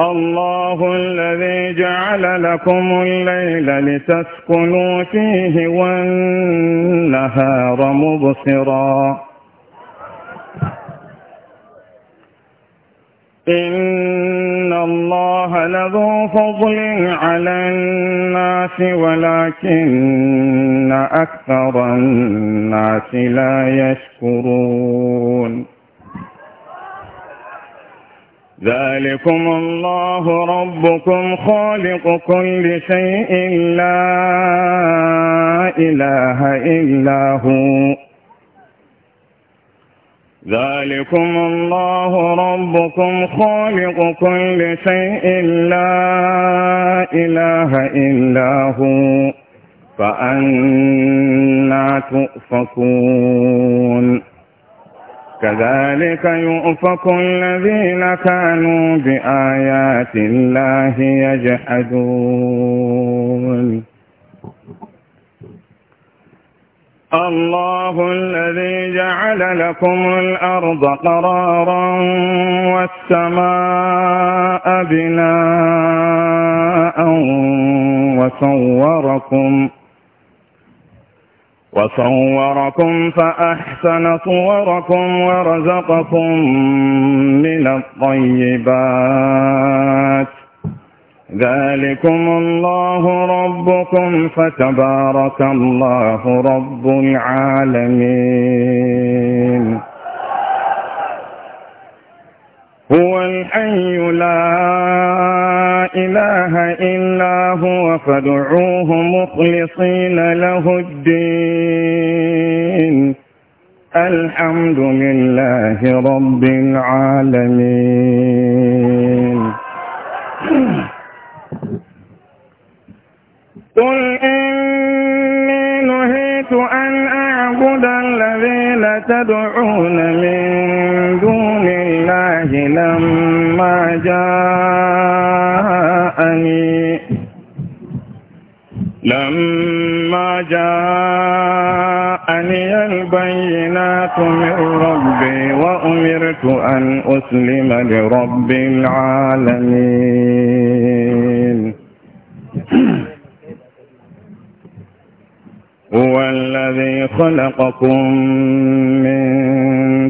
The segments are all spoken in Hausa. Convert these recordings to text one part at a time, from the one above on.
الله الذي جعل لكم الليل لتسكنوا فيه والنهار مبصرا إن الله لذو فضل على الناس ولكن أكثر الناس لا يشكرون ذلكم الله ربكم خالق كل شيء لا إله إلا هو ذلكم الله ربكم خالق كل شيء لا إله إلا هو فأنا تؤفكون كذلك يؤفك الذين كانوا بآيات الله يجحدون الله الذي جعل لكم الأرض قرارا والسماء بناء وصوركم وصوركم فأحسن صوركم ورزقكم من الطيبات ذلكم الله ربكم فتبارك الله رب العالمين هو الحي لا إله إلا هو فادعوه مخلصين له الدين الحمد لله رب العالمين قل إني نهيت أن أعبد الذين تدعون من دون الله لما جاءوا الثاني لما جاءني البينات من ربي وأمرت أن أسلم لرب العالمين هو الذي خلقكم من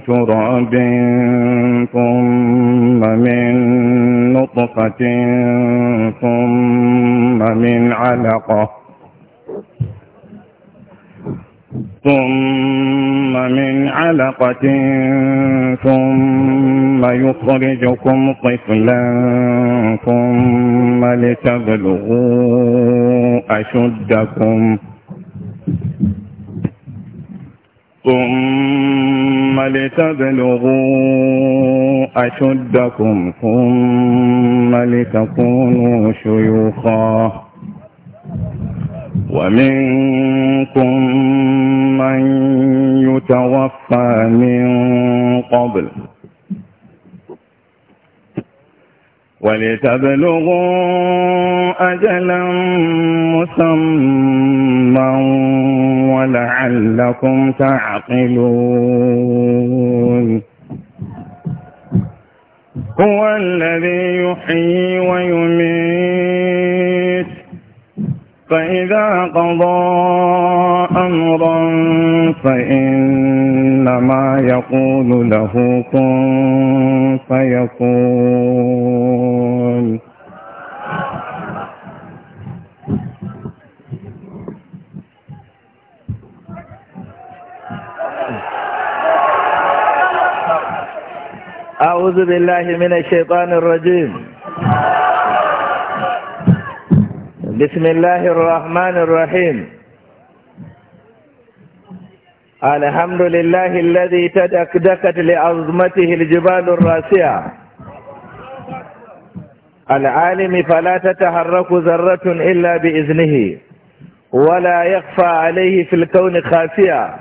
تراب ثم من نطفة ثم من علقة ثم من علقة ثم يخرجكم طفلا ثم لتبلغوا أشدكم ثم لتبلغوا أشدكم ثم لتكونوا شيوخا ومنكم من يتوفى من قبل ولتبلغوا أجلا مسمى ولعلكم تعقلون هو الذي يحيي ويميت فإذا قضى أمرا فإنما يقول له كن فيكون أعوذ بالله من الشيطان الرجيم بسم الله الرحمن الرحيم الحمد لله الذي تدكدكت لعظمته الجبال الراسعة العالم فلا تتحرك ذرة إلا بإذنه ولا يخفى عليه في الكون خافية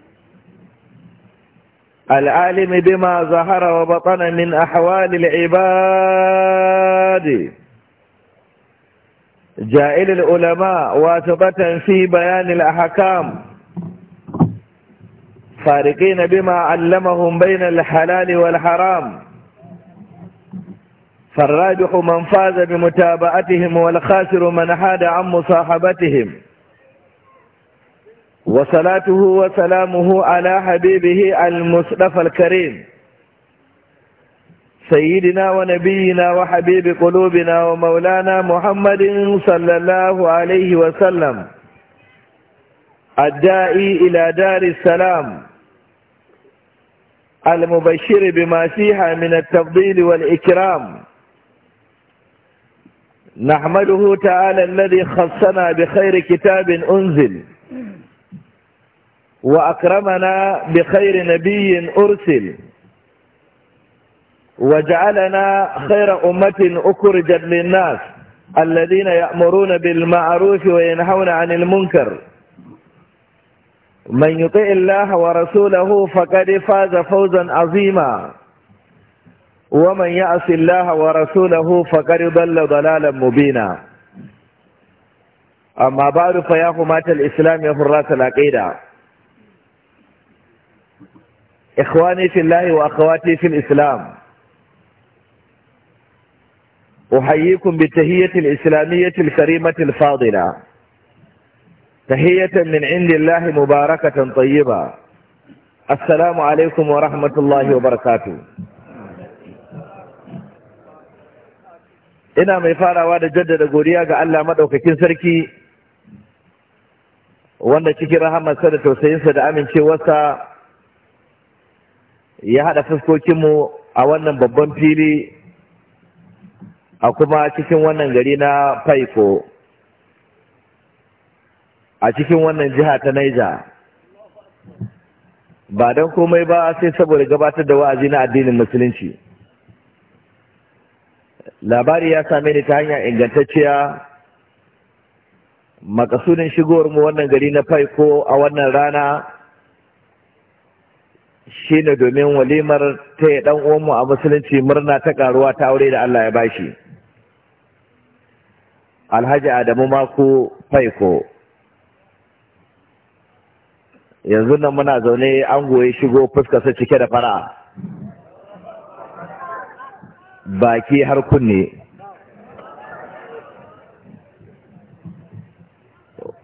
العالم بما ظهر وبطن من أحوال العباد جائل العلماء واسطة في بيان الأحكام فارقين بما علمهم بين الحلال والحرام فالراجح من فاز بمتابعتهم والخاسر من حاد عن مصاحبتهم وصلاته وسلامه على حبيبه المصطفى الكريم سيدنا ونبينا وحبيب قلوبنا ومولانا محمد صلى الله عليه وسلم الداعي إلى دار السلام المبشر بما فيها من التفضيل والإكرام نحمده تعالى الذي خصنا بخير كتاب أنزل وأكرمنا بخير نبي أرسل وجعلنا خير أمة أكرجت للناس الذين يأمرون بالمعروف وينهون عن المنكر من يطع الله ورسوله فقد فاز فوزا عظيما ومن يعص الله ورسوله فقد ضل ضلالا مبينا أما بعد فيا مات الإسلام يا العقيدة إخواني في الله وأخواتي في الإسلام أحييكم بالتهية الإسلامية الكريمة الفاضلة تهية من عند الله مباركة طيبة السلام عليكم ورحمة الله وبركاته ina mai farawa da jaddada godiya ga Allah madaukakin sarki wanda cikin rahamarsa da tausayinsa da amincewarsa ya haɗa fuskokinmu a wannan babban fili a kuma cikin wannan gari na faiko a cikin wannan jiha ta naija ba don komai ba sai saboda gabatar da wa'azi na addinin musulunci labari ya same ni ta hanyar ingantacciya makasudin shigowar mu wannan gari na faiko a wannan rana shi ne domin walimar ta yi ɗan uwanmu a musulunci murna ta ƙaruwa ta aure da Allah ya ba shi alhaji adamu mako faiko yanzu nan muna zaune an goye shigo fuskarsa cike da fara baki har kunne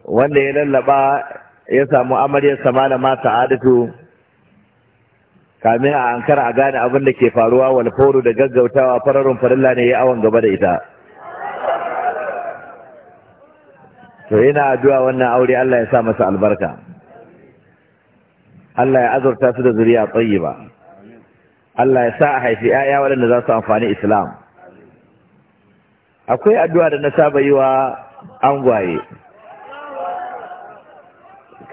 wanda ya lallaba ya samu amaryarsa malama sa'adatu kamin a ankara a gane abin da ke faruwa wani fauru da gaggautawa fararun farilla ne ya awon gaba da ita to ina addu'a wannan aure Allah ya sa masa albarka Allah ya azurta su da zuriya tayyiba Allah ya sa a haifi 'ya'ya waɗanda za su amfani Islam akwai addu'a da na saba yi wa angwaye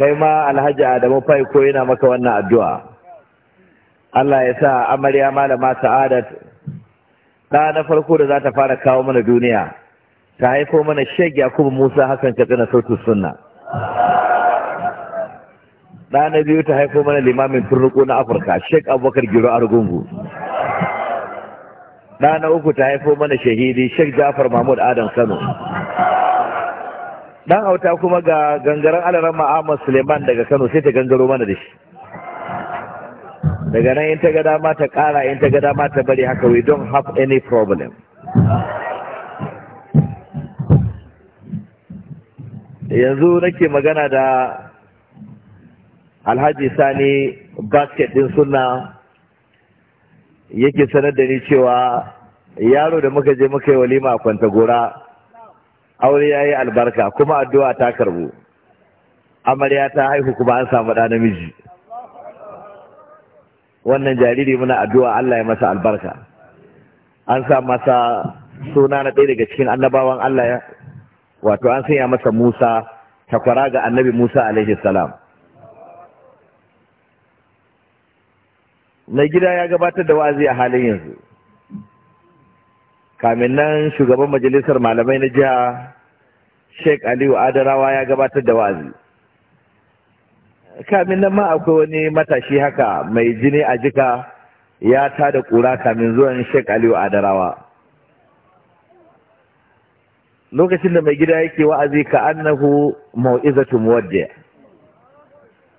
kai ma alhaji Adamu fai ko yana maka wannan addu'a Allah ya sa amarya malama sa'adat Da na farko da za ta fara kawo mana duniya ta haifo mana shek yakubu musa hakan ka tsina sautu sunna Da na biyu ta haifo mana limamin turnuku na afirka shek abubakar giro argungu Da na uku ta haifo mana shahidi shek jafar mahmud adam kano Dan hauta kuma ga gangaren alaran ma'amar suleiman daga kano sai ta gangaro mana da shi daga nan in ta ga dama ta ƙara in ta ga dama ta bari haka we don't have any problem yanzu nake magana da alhaji sani basket din suna yake sanar da ni cewa yaro da muka je muka yi walima a gora aure ya yi albarka kuma addu'a ta karbu amarya ta haihu kuma an samu ɗa namiji wannan jariri muna addu'a Allah ya masa albarka an sa masa suna na ɗaya daga cikin annabawan Allah wato an sanya masa Musa takwara ga annabi Musa alaihi salam na gida ya gabatar da wa'azi a halin yanzu kamin nan shugaban majalisar malamai na jiha Sheikh Aliyu Adarawa ya gabatar da wa'azi kamin nan ma akwai wani matashi haka mai jini a jika ya ta da ƙura kamin zuwan Sheikh Aliyu Adarawa. Lokacin da mai gida yake wa'azi ka annahu mau'izatu ya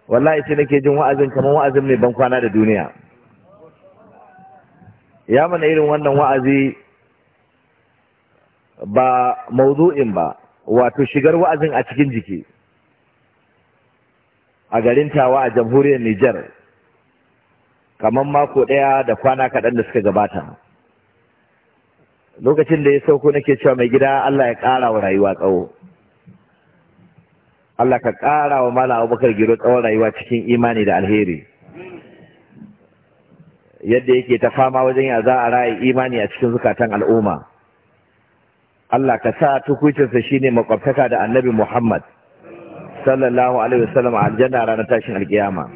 Wallahi sai nake jin wa'azin kamar wa'azin mai ban kwana da duniya. Ya mana irin wannan wa'azi ba maudu'in ba, wato shigar wa'azin a cikin jiki. a garin tawa a jamhuriyar Nijar kamar mako ɗaya da kwana kaɗan da suka gabata lokacin da ya sauko nake cewa mai gida Allah ya ƙara wa rayuwa tsawo Allah ka ƙara wa mala abubakar giro tsawon rayuwa cikin imani da alheri yadda yake ta fama wajen ya za a raye imani a cikin zukatan al'umma Allah ka sa tukucinsa shine makwabtaka da annabi Muhammad sallallahu alaihi wasallam aljanna ranar tashin alkiyama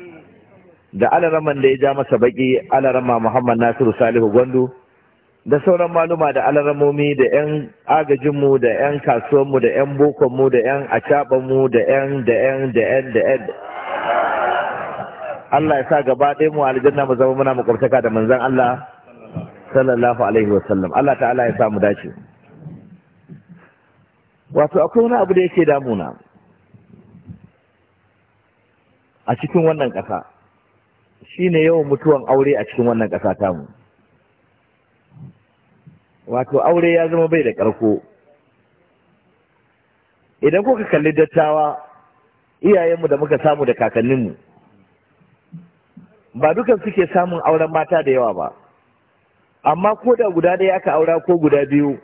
da alaraman da ya ja masa baki alarama muhammad nasiru salihu gwandu da sauran maluma da alaramomi da 'yan agajinmu da 'yan kasuwanmu da 'yan bokonmu da 'yan acabanmu da 'yan da 'yan da 'yan da 'yan Allah ya sa gaba ɗaya mu aljanna mu zama muna makwabtaka da manzan Allah sallallahu alaihi wasallam Allah ta'ala ya sa mu dace wato akwai wani abu da yake damuna a cikin wannan ƙasa shi ne yawan mutuwan aure a cikin wannan ƙasa tamu wato aure ya zama bai da ƙarko idan kuka kalli dattawa iyayenmu da muka samu da kakanninmu ba dukan suke samun auren mata da yawa ba amma ko da guda ɗaya aka aura ko guda biyu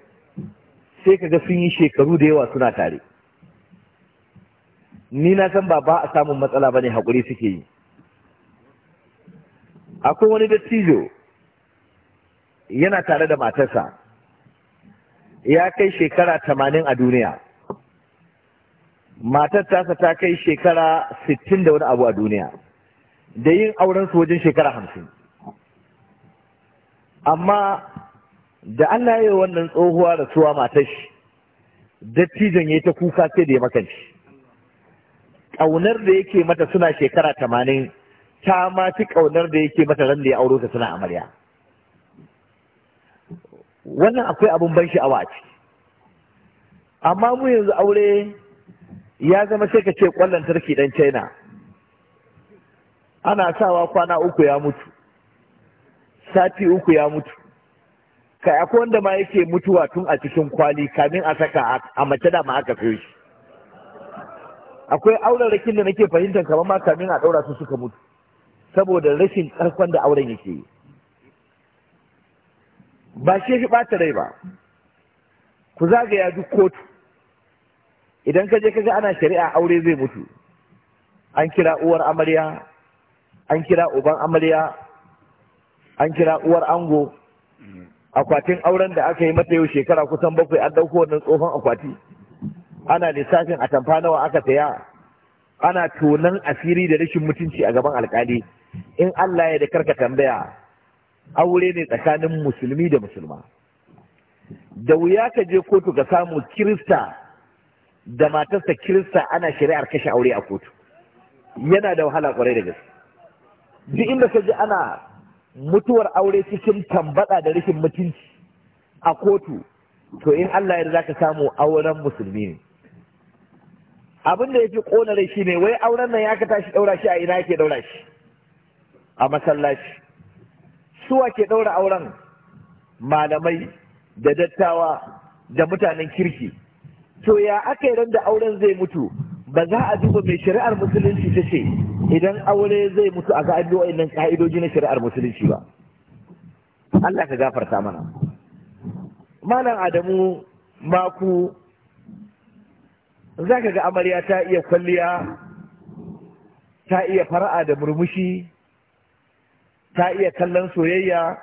sai kaga sun yi shekaru da yawa suna tare ni na san ba ba a samun matsala ba bane hakuri suke yi akwai wani dattijo yana tare da matarsa ya kai shekara tamanin a duniya matar tasa ta kai shekara sittin da wani abu a duniya da yin auren su wajen shekara hamsin amma da Allah ya yi wannan tsohuwa rasuwa matar shi dattijon ya yi ta kuka sai da ya makanci ƙaunar da yake mata suna shekara tamanin ta ma fi ƙaunar da yake mata ran da ya auro ta suna amarya wannan akwai abin ban sha'awa a ciki amma mu yanzu aure ya zama sai ka ce ƙwallon tarki ɗan china ana sawa kwana uku ya mutu sati uku ya mutu kai akwai wanda ma yake mutuwa tun a cikin kwali kamin a saka a mace da ma aka fi shi akwai auren rakin da nake fahimta kamar ma kamin a ɗaura su suka mutu saboda rashin ƙarfan da auren yake yi ba shi fi ɓata rai ba ku zagaya duk kotu idan ka je ka ga ana shari'a aure zai mutu an kira uwar amarya an kira uban amarya an kira uwar ango akwatin auren da aka yi mata yau shekara kusan bakwai an ɗauko wannan tsohon akwati ana lissafin atamfa nawa aka saya ana tonan asiri da rashin mutunci a gaban alkali in Allah ya da karka tambaya aure ne tsakanin musulmi da musulma da wuya ka je kotu ka samu kirista da matarsa kirista ana shari'ar kashe aure a kotu yana da wahala kwarai da gaske duk inda ka ji ana mutuwar aure cikin tambada da rashin mutunci a kotu to in Allah ya da za ka samu auren musulmi ne abin da ya fi ƙona rai shi ne wai auren nan ya ka tashi ɗaura shi a ina yake ɗaura shi a masallaci suwa ke ɗaura auren malamai da dattawa da mutanen kirki to ya aka yi da auren zai mutu ba za a duba mai shari'ar musulunci ta ce idan aure zai mutu a ka an bi ka'idoji na shari'ar musulunci ba Allah ka gafarta mana malam Adamu maku za ka ga amarya ta iya kwalliya ta iya fara'a da murmushi ta iya kallon soyayya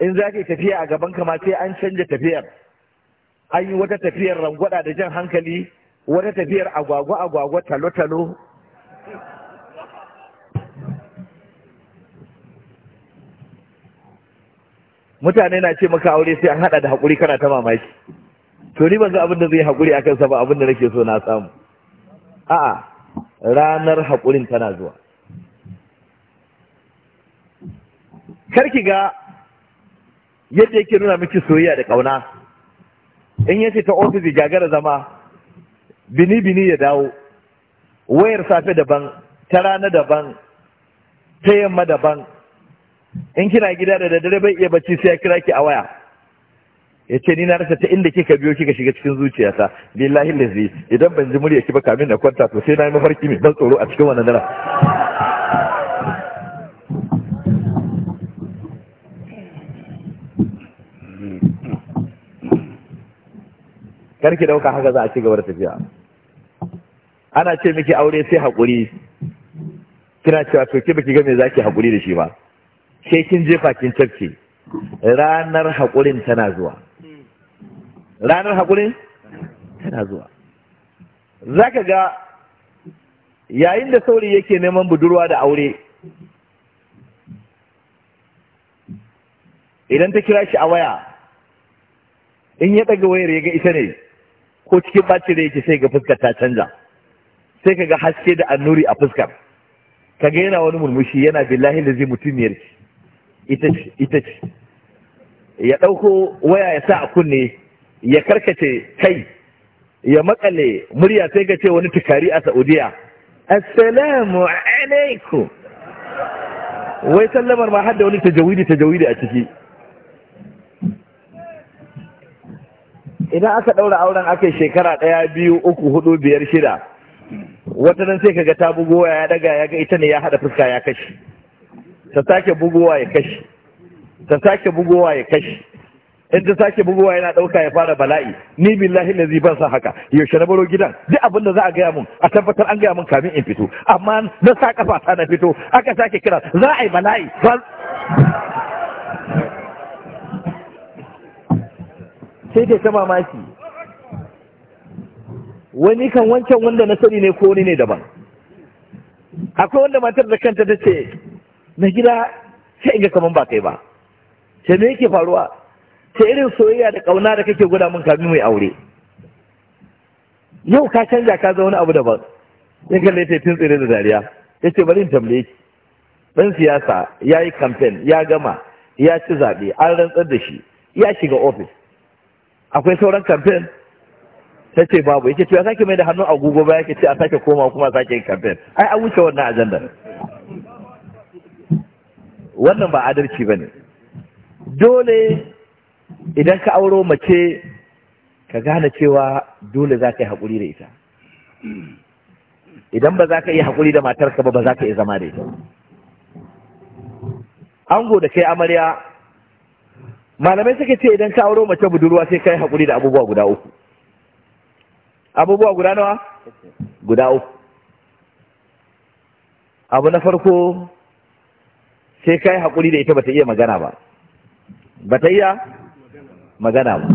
in za ka yi tafiya a gaban kama sai an canja tafiyar an yi wata tafiyar rangwada da jan hankali wata tafiyar agwagwa agwagwa talo-talo mutane na ce maka aure sai an hada da haƙuri kana ta mamaki to ni ban ga abin da zai haƙuri akan sa ba abin da nake so na samu a'a ranar haƙurin tana zuwa Kar ki ga yadda yake nuna miki soyayya da ƙauna in yace ta ofis ya gagara zama bini-bini ya dawo wayar safe daban ta rana daban ta yamma daban in kina gida da daddare bai iya bacci sai ya kira ki a waya Ya ce ni na rasa ta inda kika biyo kika shiga cikin zuciyata billahi lazi idan ban ji murya ki ba kamin na kwanta to sai na yi mafarki mai ban tsoro a cikin wannan dara ki dauka haka za a ci gaba da tafiya ana ce miki aure sai haƙuri kina cewa to ki baki ga me zaki haƙuri da shi ba sai kin jefa kin tafke ranar haƙurin tana zuwa ranar haƙuri tana zuwa za ka ga yayin da sauri yake neman budurwa da aure idan ta kira shi a waya in ya ɗaga wayar ya ga ita ne ko cikin ɓacin da yake sai ga fuskar ta canza, sai ka ga haske da annuri a fuskar ka ga yana wani murmushi yana billahi da zai mutum mutumiyar ita ce ya ɗauko waya ya sa a kunne ya karkace kai ya makale murya sai ka ce wani tukari a saudiya assalamu alaikum wai sallamar ma har da wani tajawidi tajawidi a ciki idan aka ɗaura auren aka yi shekara ɗaya biyu uku hudu biyar shida wata nan sai kaga ta bugowa ya daga ya ga ita ne ya haɗa fuska ya kashi ta sake bugowa ya kashi ta sake bugowa ya kashi in ta sake bugowa yana ɗauka ya fara bala'i ni billahi lazi ban san haka yaushe na baro gidan duk abin da za a gaya mun a tabbatar an gaya mun kamin in fito amma na sa kafa ta na fito aka sake kira za a yi bala'i sai ta ta mamaki wani kan wancan wanda na sani ne ko wani ne daban akwai wanda matar da kanta ta ce na gida sai in ga kaman ba kai ba sai me yake faruwa ta irin soyayya da ƙauna da kake gwada min kamin mai aure yau ka canja ka zama wani abu daban in kalle ta tun tsire da dariya ya ce bari in tambaye ki ɗan siyasa ya yi kamfen ya gama ya ci zaɓe an rantsar da shi ya shiga ofis akwai sauran kamfen ta ce babu ya ce to ya sake mai da hannun agogo ba ya ce a sake koma kuma a sake yin kamfen ai an wuce wannan ajanda wannan ba adalci ba ne dole idan ka auro mace ka gane cewa dole za ka yi haƙuri da ita idan ba za ka yi haƙuri da matarka ba ba za ka yi zama da ita ango da kai amarya malamai suka ce idan ka auro mace budurwa sai ka yi haƙuri da abubuwa guda uku abubuwa guda nawa guda uku abu na farko sai ka yi haƙuri da ita ba ta iya magana ba ba ta iya magana ba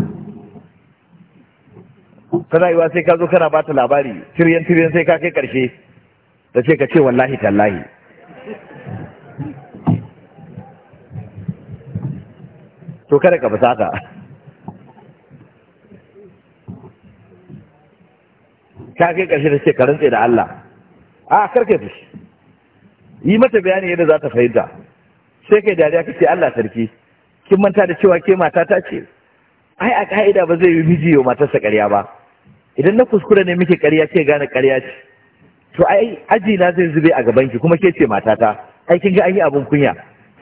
tana yiwa sai ka zo kana bata labari tiryan tiryan sai ka kai karshe da ce ka ce wallahi tallahi to kada ka fusata ka kai karshe da ce ka rantse da Allah a karka fushi yi mata bayani yadda za ta fahimta sai kai dariya kace Allah sarki kin manta da cewa ke mata ta ce ai a ka'ida ba zai yi miji wa matarsa karya ba idan na kuskura ne muke karya ce gane karya ce to ai aji na zai zube a gaban ki kuma ke ce matata ai kin ga an yi abin kunya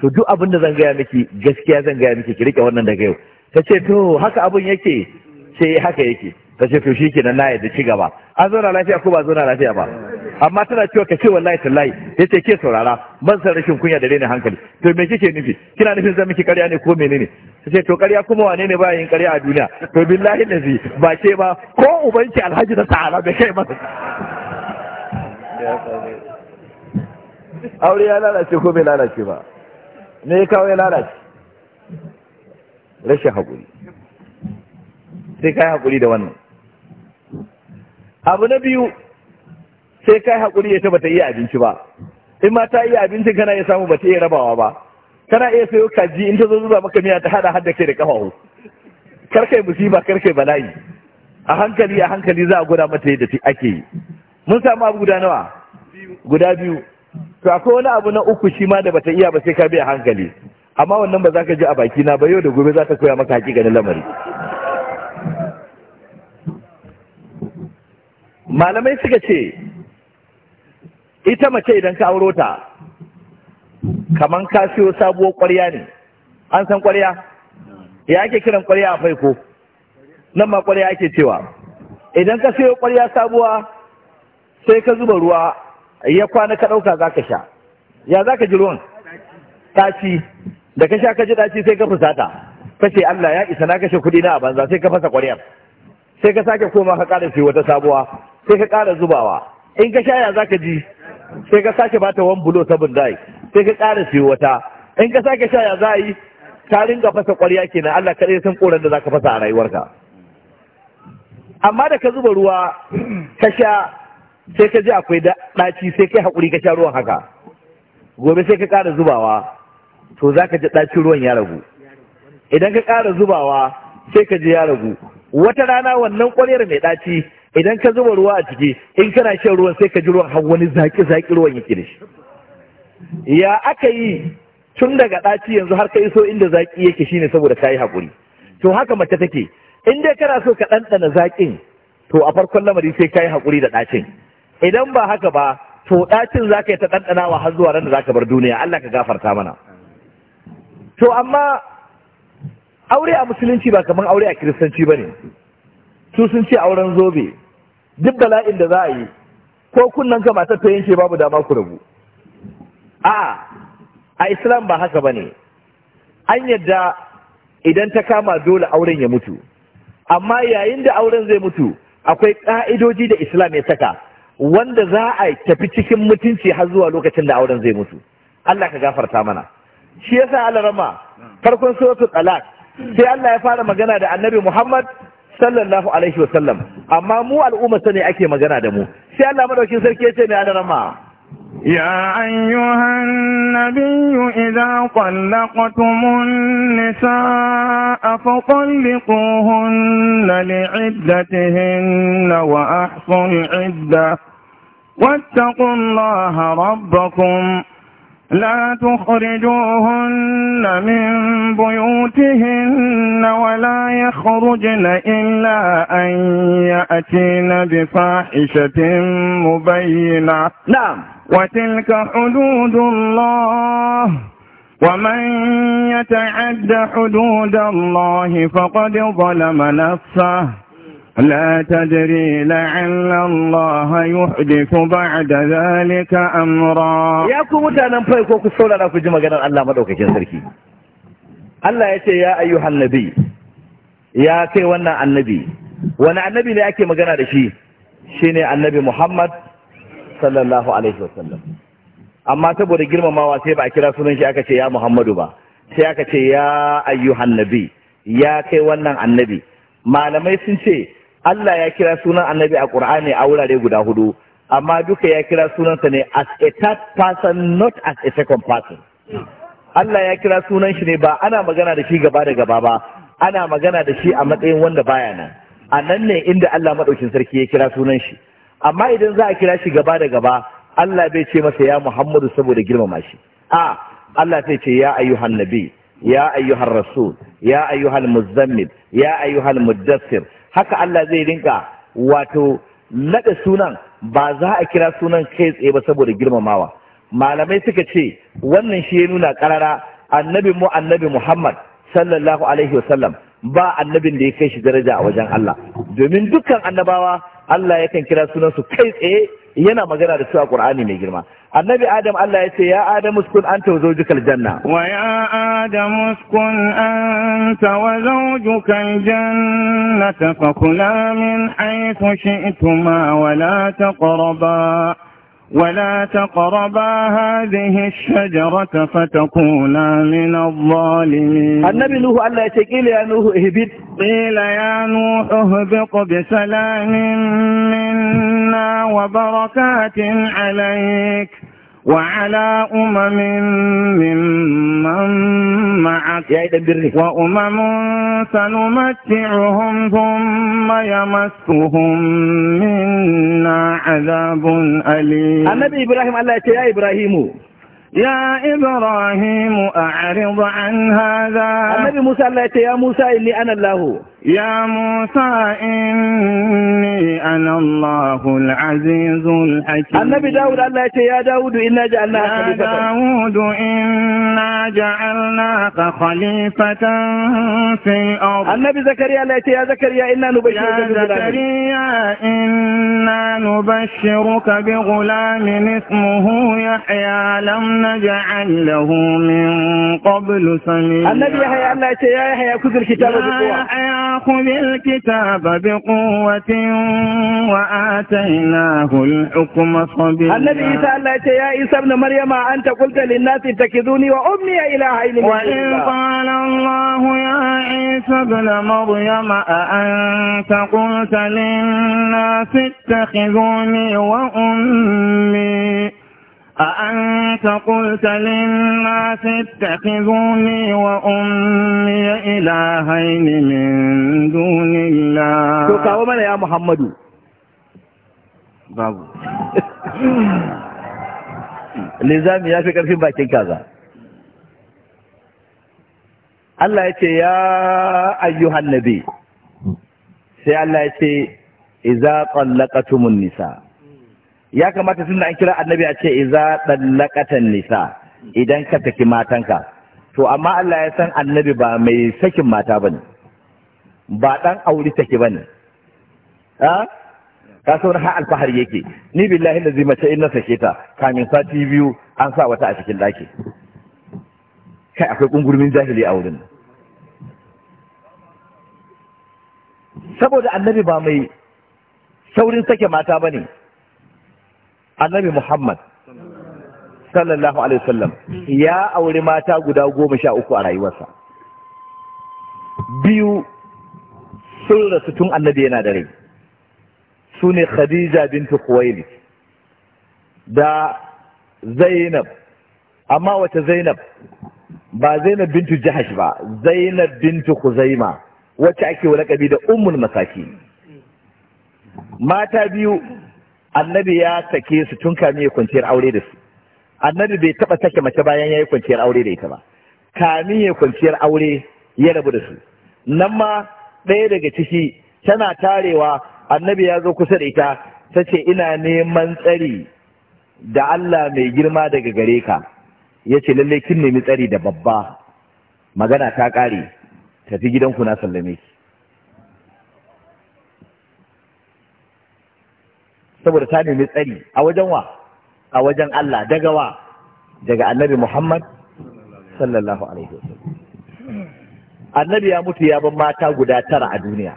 to duk abin da zan gaya miki gaskiya zan gaya miki ki rike wannan daga yau ta ce to haka abin yake ce haka yake ta ce to shi ke nan na yadda ci gaba an zauna lafiya ko ba zauna lafiya ba amma tana cewa ka ce wallahi tallahi ya ce ke saurara ban san rashin kunya da rena hankali to me kike nufi kina nufin zan miki karya ne ko menene ce to karya kuma wane ne bayan karya a duniya to billahi lazi ba ke ba ko ubanki alhaji na sa'ala da kai masa aure ya lalace ko bai lalace ba ne ya kawo ya lalace rashin haƙuri sai kai haƙuri da wannan abu na biyu sai kai haƙuri ya ta bata iya abinci ba in ma ta iya abinci kana ya samu bata iya rabawa ba kana iya sayo kaji in ta zo zuba maka miya ta hada hada kai da kafafu karkai musiba karkai bala'i a hankali a hankali za a guda mata yadda ake yi mun samu abu guda nawa guda biyu to akwai wani abu na uku shi ma da bata iya ba sai ka bi a hankali amma wannan ba za ka ji a baki na ba yau da gobe za ta koya maka hakikanin lamari malamai suka ce ita mace idan ka aurota. ta kaman ka siyo sabuwar ƙwarya ne an san ƙwarya ya ake kiran ƙwarya a faiko nan ma ƙwarya ake cewa idan ka siyo ƙwarya sabuwa sai ka zuba ruwa ya kwana ka ɗauka za ka sha ya za ka ji ruwan ɗaci da ka sha ka ji ɗaci sai ka fusata ka ce Allah ya isa na kashe kuɗi na a banza sai ka fasa ƙwarya. sai ka sake koma ka ƙara siyo wata sabuwa sai ka ƙara zubawa in ka sha ya za ka ji sai ka sake bata wan bulo sabon dai sai ka ƙara siyo wata in ka sake sha ya za a yi ka ringa fasa ƙwarya kenan Allah kaɗai san ƙoran da za ka fasa a rayuwarka amma da ka zuba ruwa ka sha sai ka ji akwai ɗaci sai kai haƙuri ka sha ruwan haka gobe sai ka ƙara zubawa to za ka ji ɗaci ruwan ya ragu idan ka ƙara zubawa sai ka ji ya ragu wata rana wannan ƙwaryar mai ɗaci idan ka zuba ruwa a ciki in kana shan ruwan sai ka ji ruwan har wani zaƙi zaƙi ruwan yake da shi ya aka yi tun daga ɗaci yanzu har ka iso inda zaƙi yake shine saboda ka yi haƙuri to haka mace take in dai kana so ka ɗanɗana zaƙin to a farkon lamari sai ka yi haƙuri da ɗacin idan ba haka ba to ɗacin za ka yi ta ɗanɗanawa har zuwa ran da za ka bar duniya Allah ka gafarta mana to amma aure a musulunci ba kamar aure a kiristanci ba ne su sun ce auren zobe duk bala'in da za a yi ko kunnen ka matar ta yanke babu dama ku rabu A'a, a islam ba haka ba ne. an yadda idan ta kama dole auren ya mutu amma yayin da auren zai mutu akwai ka'idoji da islam ya saka wanda za a tafi cikin mutunci har zuwa lokacin da auren zai mutu Allah ka gafarta mana shi yasa alarama farkon suratul talaq sai Allah ya fara magana da annabi Muhammad sallallahu alaihi wasallam amma mu al'umma ne ake magana da mu sai Allah madaukin sarki ya ce mai alarama يا أيها النبي إذا طلقتم النساء فطلقوهن لعدتهن وأحصوا العدة واتقوا الله ربكم لا تخرجوهن من بيوتهن ولا يخرجن إلا أن يأتين بفاحشة مبينة نعم وتلك حدود الله ومن يتعد حدود الله فقد ظلم نفسه لا تدري لعل الله يحدث بعد ذلك أمرا يا كم متانن فاي كو كسولا لا كجي مغانن الله مدوكين سركي الله yace ya ayyuhan nabi ya kai wannan annabi wani annabi ne ake magana da shi shine annabi Muhammad sallallahu alaihi wasallam amma saboda girmamawa sai ba a kira sunan shi aka ce ya Muhammadu ba sai aka ce ya ayyuhan nabi ya kai wannan annabi malamai sun ce Allah ya kira sunan annabi a Qur'ani a wurare guda hudu amma duka ya kira sunansa ne as a third person not as a second person Allah ya kira sunan shi ne ba ana magana da shi gaba da gaba ba ana magana da shi a matsayin wanda baya nan a nan ne inda Allah maɗaukin sarki ya kira sunan shi amma idan za a kira shi gaba da gaba Allah bai ce masa ya Muhammadu saboda girmama shi a Allah sai ce ya ayyuhan nabi ya ayyuhan rasul ya ayyuhan muzammil ya ayyuhan muddassir haka Allah zai rinka wato nada sunan ba za a kira sunan kai tsaye ba saboda girmamawa malamai suka ce wannan shi ya nuna karara annabi mu annabi Muhammad sallallahu alaihi wasallam ba annabin da ya kai shi daraja a wajen Allah domin dukkan annabawa Allah yakan kira sunan su kai tsaye yana magana da su a Qur'ani mai girma النبي آدم الله يسي يا آدم اسكن أنت وزوجك الجنة ويا آدم اسكن أنت وزوجك الجنة فكلا من حيث شئتما ولا تقربا ولا تقربا هذه الشجرة فتكونا من الظالمين النبي نوح الله قيل يا نوح اهبط قيل يا نوح اهبط بسلام منا وبركات عليك وعلى أمم ممن معك وأمم سنمتعهم ثم يمسهم منا عذاب أليم النبي إبراهيم الله يا إبراهيم يا إبراهيم أعرض عن هذا النبي موسى الله يا موسى إني أنا الله يا موسى إني أنا الله العزيز الحكيم النبي داود الله يا داود إنا جعلناك خليفة يا داود إنا جعلناك خليفة في الأرض النبي زكريا الله يا زكريا إنا نبشرك يا زكريا إنا نبشرك بغلام اسمه يحيى لم نجعل له من قبل سميعا النبي يحيى الله يا يحيى خذ الكتاب بقوة يا يحيى خذ الكتاب بقوة وآتيناه الحكم صبيا النبي عيسى الله يا عيسى ابن مريم أنت قلت للناس اتخذوني وأمي إلهين وإن قال الله يا عيسى ابن مريم أأنت قلت للناس اتخذوني وأمي أأنت قلت للناس اتخذوني وأمي إلهين من دون الله تقاوم يا محمد babu lizami ya fi ƙarfin bakin kaza Allah ya ce ya ayyuhan nabi sai Allah ya ce iza tumun nisa ya kamata sun da an kira annabi a ce iza dallakatan nisa idan ka saki matanka to amma Allah ya san annabi ba mai sakin mata bane ba dan aure take bane ha ka so har alfahari yake ni billahi lazi mace in na sake ta kamin sati biyu an sa wata a cikin daki kai akwai kungurmin jahili a wurin saboda annabi ba mai saurin sake mata bane annabi Muhammad sallallahu alaihi wasallam ya auri mata guda goma sha uku a rayuwarsa biyu sun rasu tun annabi yana da rai su ne khadija bintu kuwaili da zainab amma wata zainab ba zainab bintu jahash ba zainab bintu kuzaima wacce ake walakabi da ummul masaki mata biyu annabi ya sake su tun kami ya kwanciyar aure da su annabi bai taba sake mace bayan ya yi kwanciyar aure da ita ba kami ya kwanciyar aure ya rabu da su nan ma ɗaya daga ciki tana tarewa annabi ya zo kusa da ita ta ce ina neman tsari da Allah mai girma daga gare ka ya ce lallai kin nemi tsari da babba magana ta ƙare tafi gidanku na sallame ki saboda ta nemi tsari a wajen wa a wajen Allah daga wa daga annabi Muhammad sallallahu alaihi wasallam annabi ya mutu ya ban mata guda tara a duniya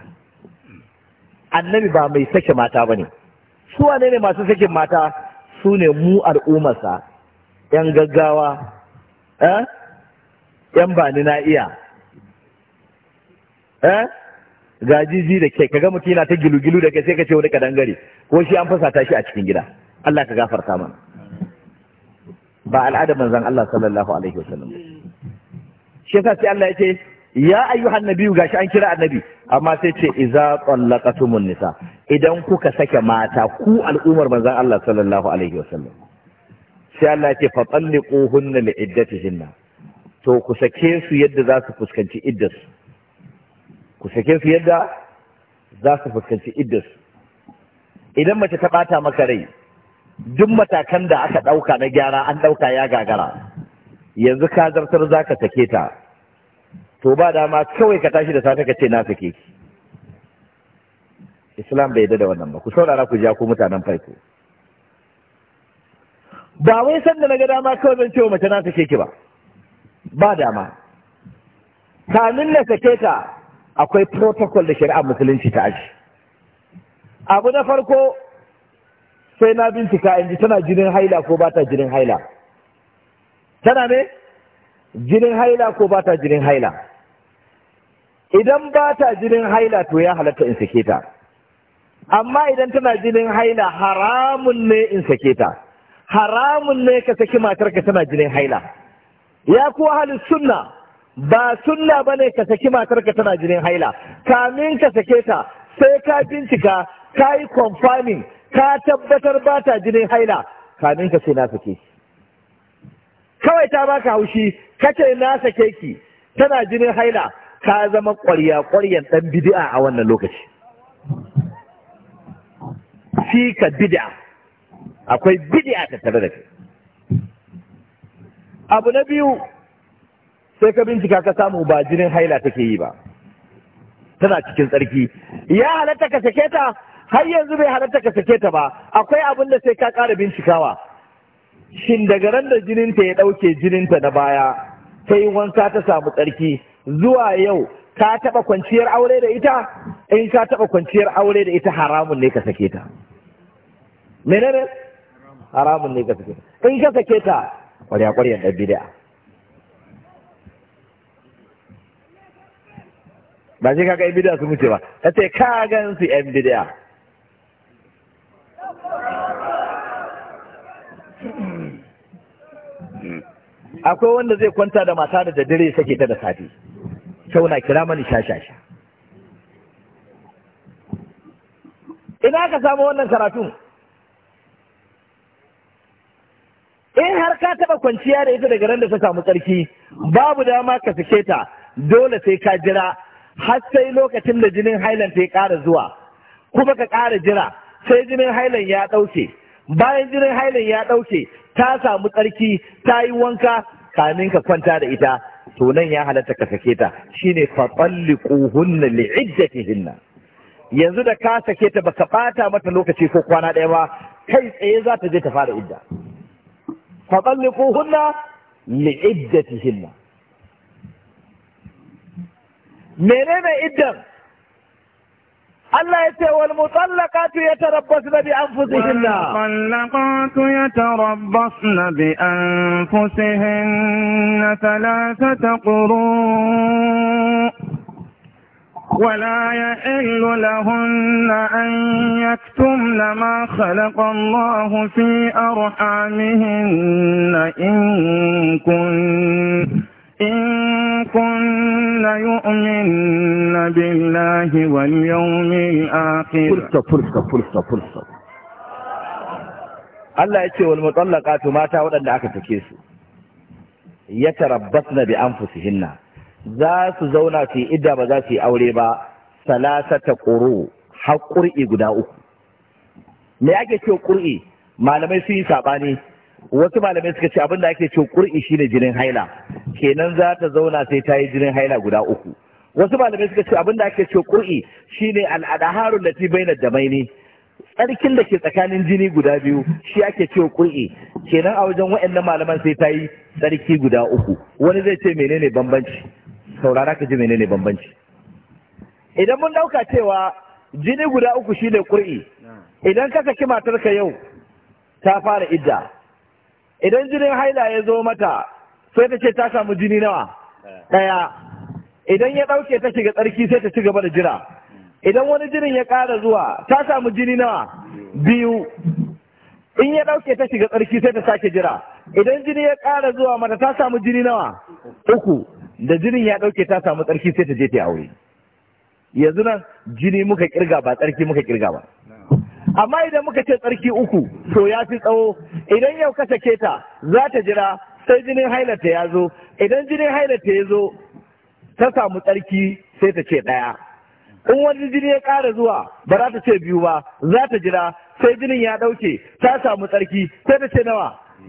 annabi ba mai sake mata bane su wane ne masu sakin mata su ne mu al'ummarsa yan gaggawa eh yan bani na iya eh ga jiji da ke kaga mutum yana ta gilu-gilu da kai sai ka ce wani kadangare ko shi an fasa shi a cikin gida Allah ka gafarta mana ba al'ada manzon Allah sallallahu alaihi wasallam shi yasa sai Allah ya ce ya ayyuhan nabiyyu gashi an kira annabi amma sai ce idza tallaqatumun nisa idan kuka sake mata ku al'ummar manzon Allah sallallahu alaihi wasallam sai Allah ce fa talliquhunna li iddatihinna to ku sake su yadda za su fuskanci iddarsu ku sake su yadda za su fuskanci iddarsu idan mace ta ɓata maka rai duk matakan da aka ɗauka na gyara an ɗauka ya gagara yanzu ka zartar za ka sake ta to ba dama kawai ka tashi da safe ka ce na sake ki islam bai da wannan ba ku saurara ku ja ku mutanen farko ba wai san da na ga dama kawai zan ce wa mace na sake ki ba ba dama kamin na sake ta akwai protocol da shari'ar musulunci ta aji abu na farko sai na bincika in ji tana jinin haila ko ba ta jinin haila tana ne jinin haila ko ba ta jinin haila idan ba ta jinin haila to ya halatta in sake ta amma idan tana jinin haila haramun ne in sake ta haramun ne ka saki ka tana jinin haila ya kuwa halin sunna ba sunna ne ka saki matarka tana jinin haila kamin ka sake ta sai ka bincika ka yi confirming ka tabbatar ba ta jinin haila kamin ka sai na sake kawai ta baka haushi kace na sake ki tana jinin haila ka zama ƙwarya ƙwaryan ɗan bid'a a wannan lokaci shi ka bid'a akwai ta tare da kai abu na biyu sai ka bincika ka samu ba jinin haila take yi ba tana cikin tsarki ya halatta ka sake ta har yanzu bai halatta ka sake ta ba akwai abin da sai ka kara bincikawa shin daga ran da jininta ya ɗauke jininta na baya sai wanka ta samu tsarki zuwa yau ka taɓa kwanciyar aure da ita in ka taɓa kwanciyar aure da ita haramun ne ka sake ta menene haramun ne ka sake ta in ka sake ta ƙwarya ƙwaryan ɗan bid'a ba shi kaga yan bid'a sun wuce ba ta ce ka gan su yan bidiya akwai wanda zai kwanta da mata da daddare sake ta da safe ta wuna kira mani shashasha ina ka samu wannan karatun in har ka taɓa kwanciya da ita daga ran da ta samu tsarki babu dama ka sake ta dole sai ka jira har sai lokacin da jinin hailan ta ya ƙara zuwa kuma ka ƙara jira sai jinin hailan ya ɗauke bayan jinin hailan ya ɗauke ta samu tsarki ta yi wanka kamin ka kwanta da ita to nan ya halatta ka sake ta shine fa talliquhunna li'iddatihinna yanzu da ka sake ta baka ɓata mata lokaci ko kwana ɗaya ba kai tsaye za ta je ta fara idda fa talliquhunna li'iddatihinna منين إدم الله يسير والمطلقات يتربصن بأنفسهن والمطلقات يتربصن بأنفسهن ثلاثة قروء ولا يحل لهن أن يكتمن ما خلق الله في أرحامهن إن كنت إن كن يؤمن بالله واليوم الآخر فرصة فرصة فرصة فرصة Allah ya ce wal mutallaqatu mata waɗanda aka take su ya tarabbasna bi anfusihinna za su zauna su yi idda ba za su yi aure ba salasata quru har qur'i guda uku me ake ce qur'i malamai sun yi sabani wasu malamai suka ce abin da ake ce ƙur'i shine jinin haila kenan za ta zauna sai ta yi jinin haila guda uku wasu malamai suka ce abin da ake ce ƙur'i shine al'adaharun lati baina damaini tsarkin da ke tsakanin jini guda biyu shi ake ce ƙur'i kenan a wajen waɗannan malaman sai ta yi tsarki guda uku wani zai ce menene bambanci saurara ka ji menene bambanci idan mun dauka cewa jini guda uku shine ƙur'i idan ka saki matarka yau ta fara idda idan jinin haila ya zo mata sai ta ce ta samu jini nawa eh. ɗaya idan ya ɗauke ta shiga tsarki sai ta ci gaba da jira idan wani jinin ya ƙara zuwa ta samu jini nawa biyu in ya ɗauke ta shiga tsarki sai ta sake jira idan jini ya ƙara zuwa mata ta samu jini nawa uku da jinin ya ɗauke ta samu tsarki sai ta je ta aure yanzu nan jini muka kirga ba tsarki muka kirga ba amma idan muka ce tsarki uku to ya fi tsawo idan yau ka sake ta za ta jira sai jinin hailata ya zo idan jinin hailata ya zo ta samu tsarki sai ta ce ɗaya in wani jini ya ƙara zuwa ba za ta ce biyu ba za ta jira sai jinin ya ɗauke ta samu tsarki sai ta ce nawa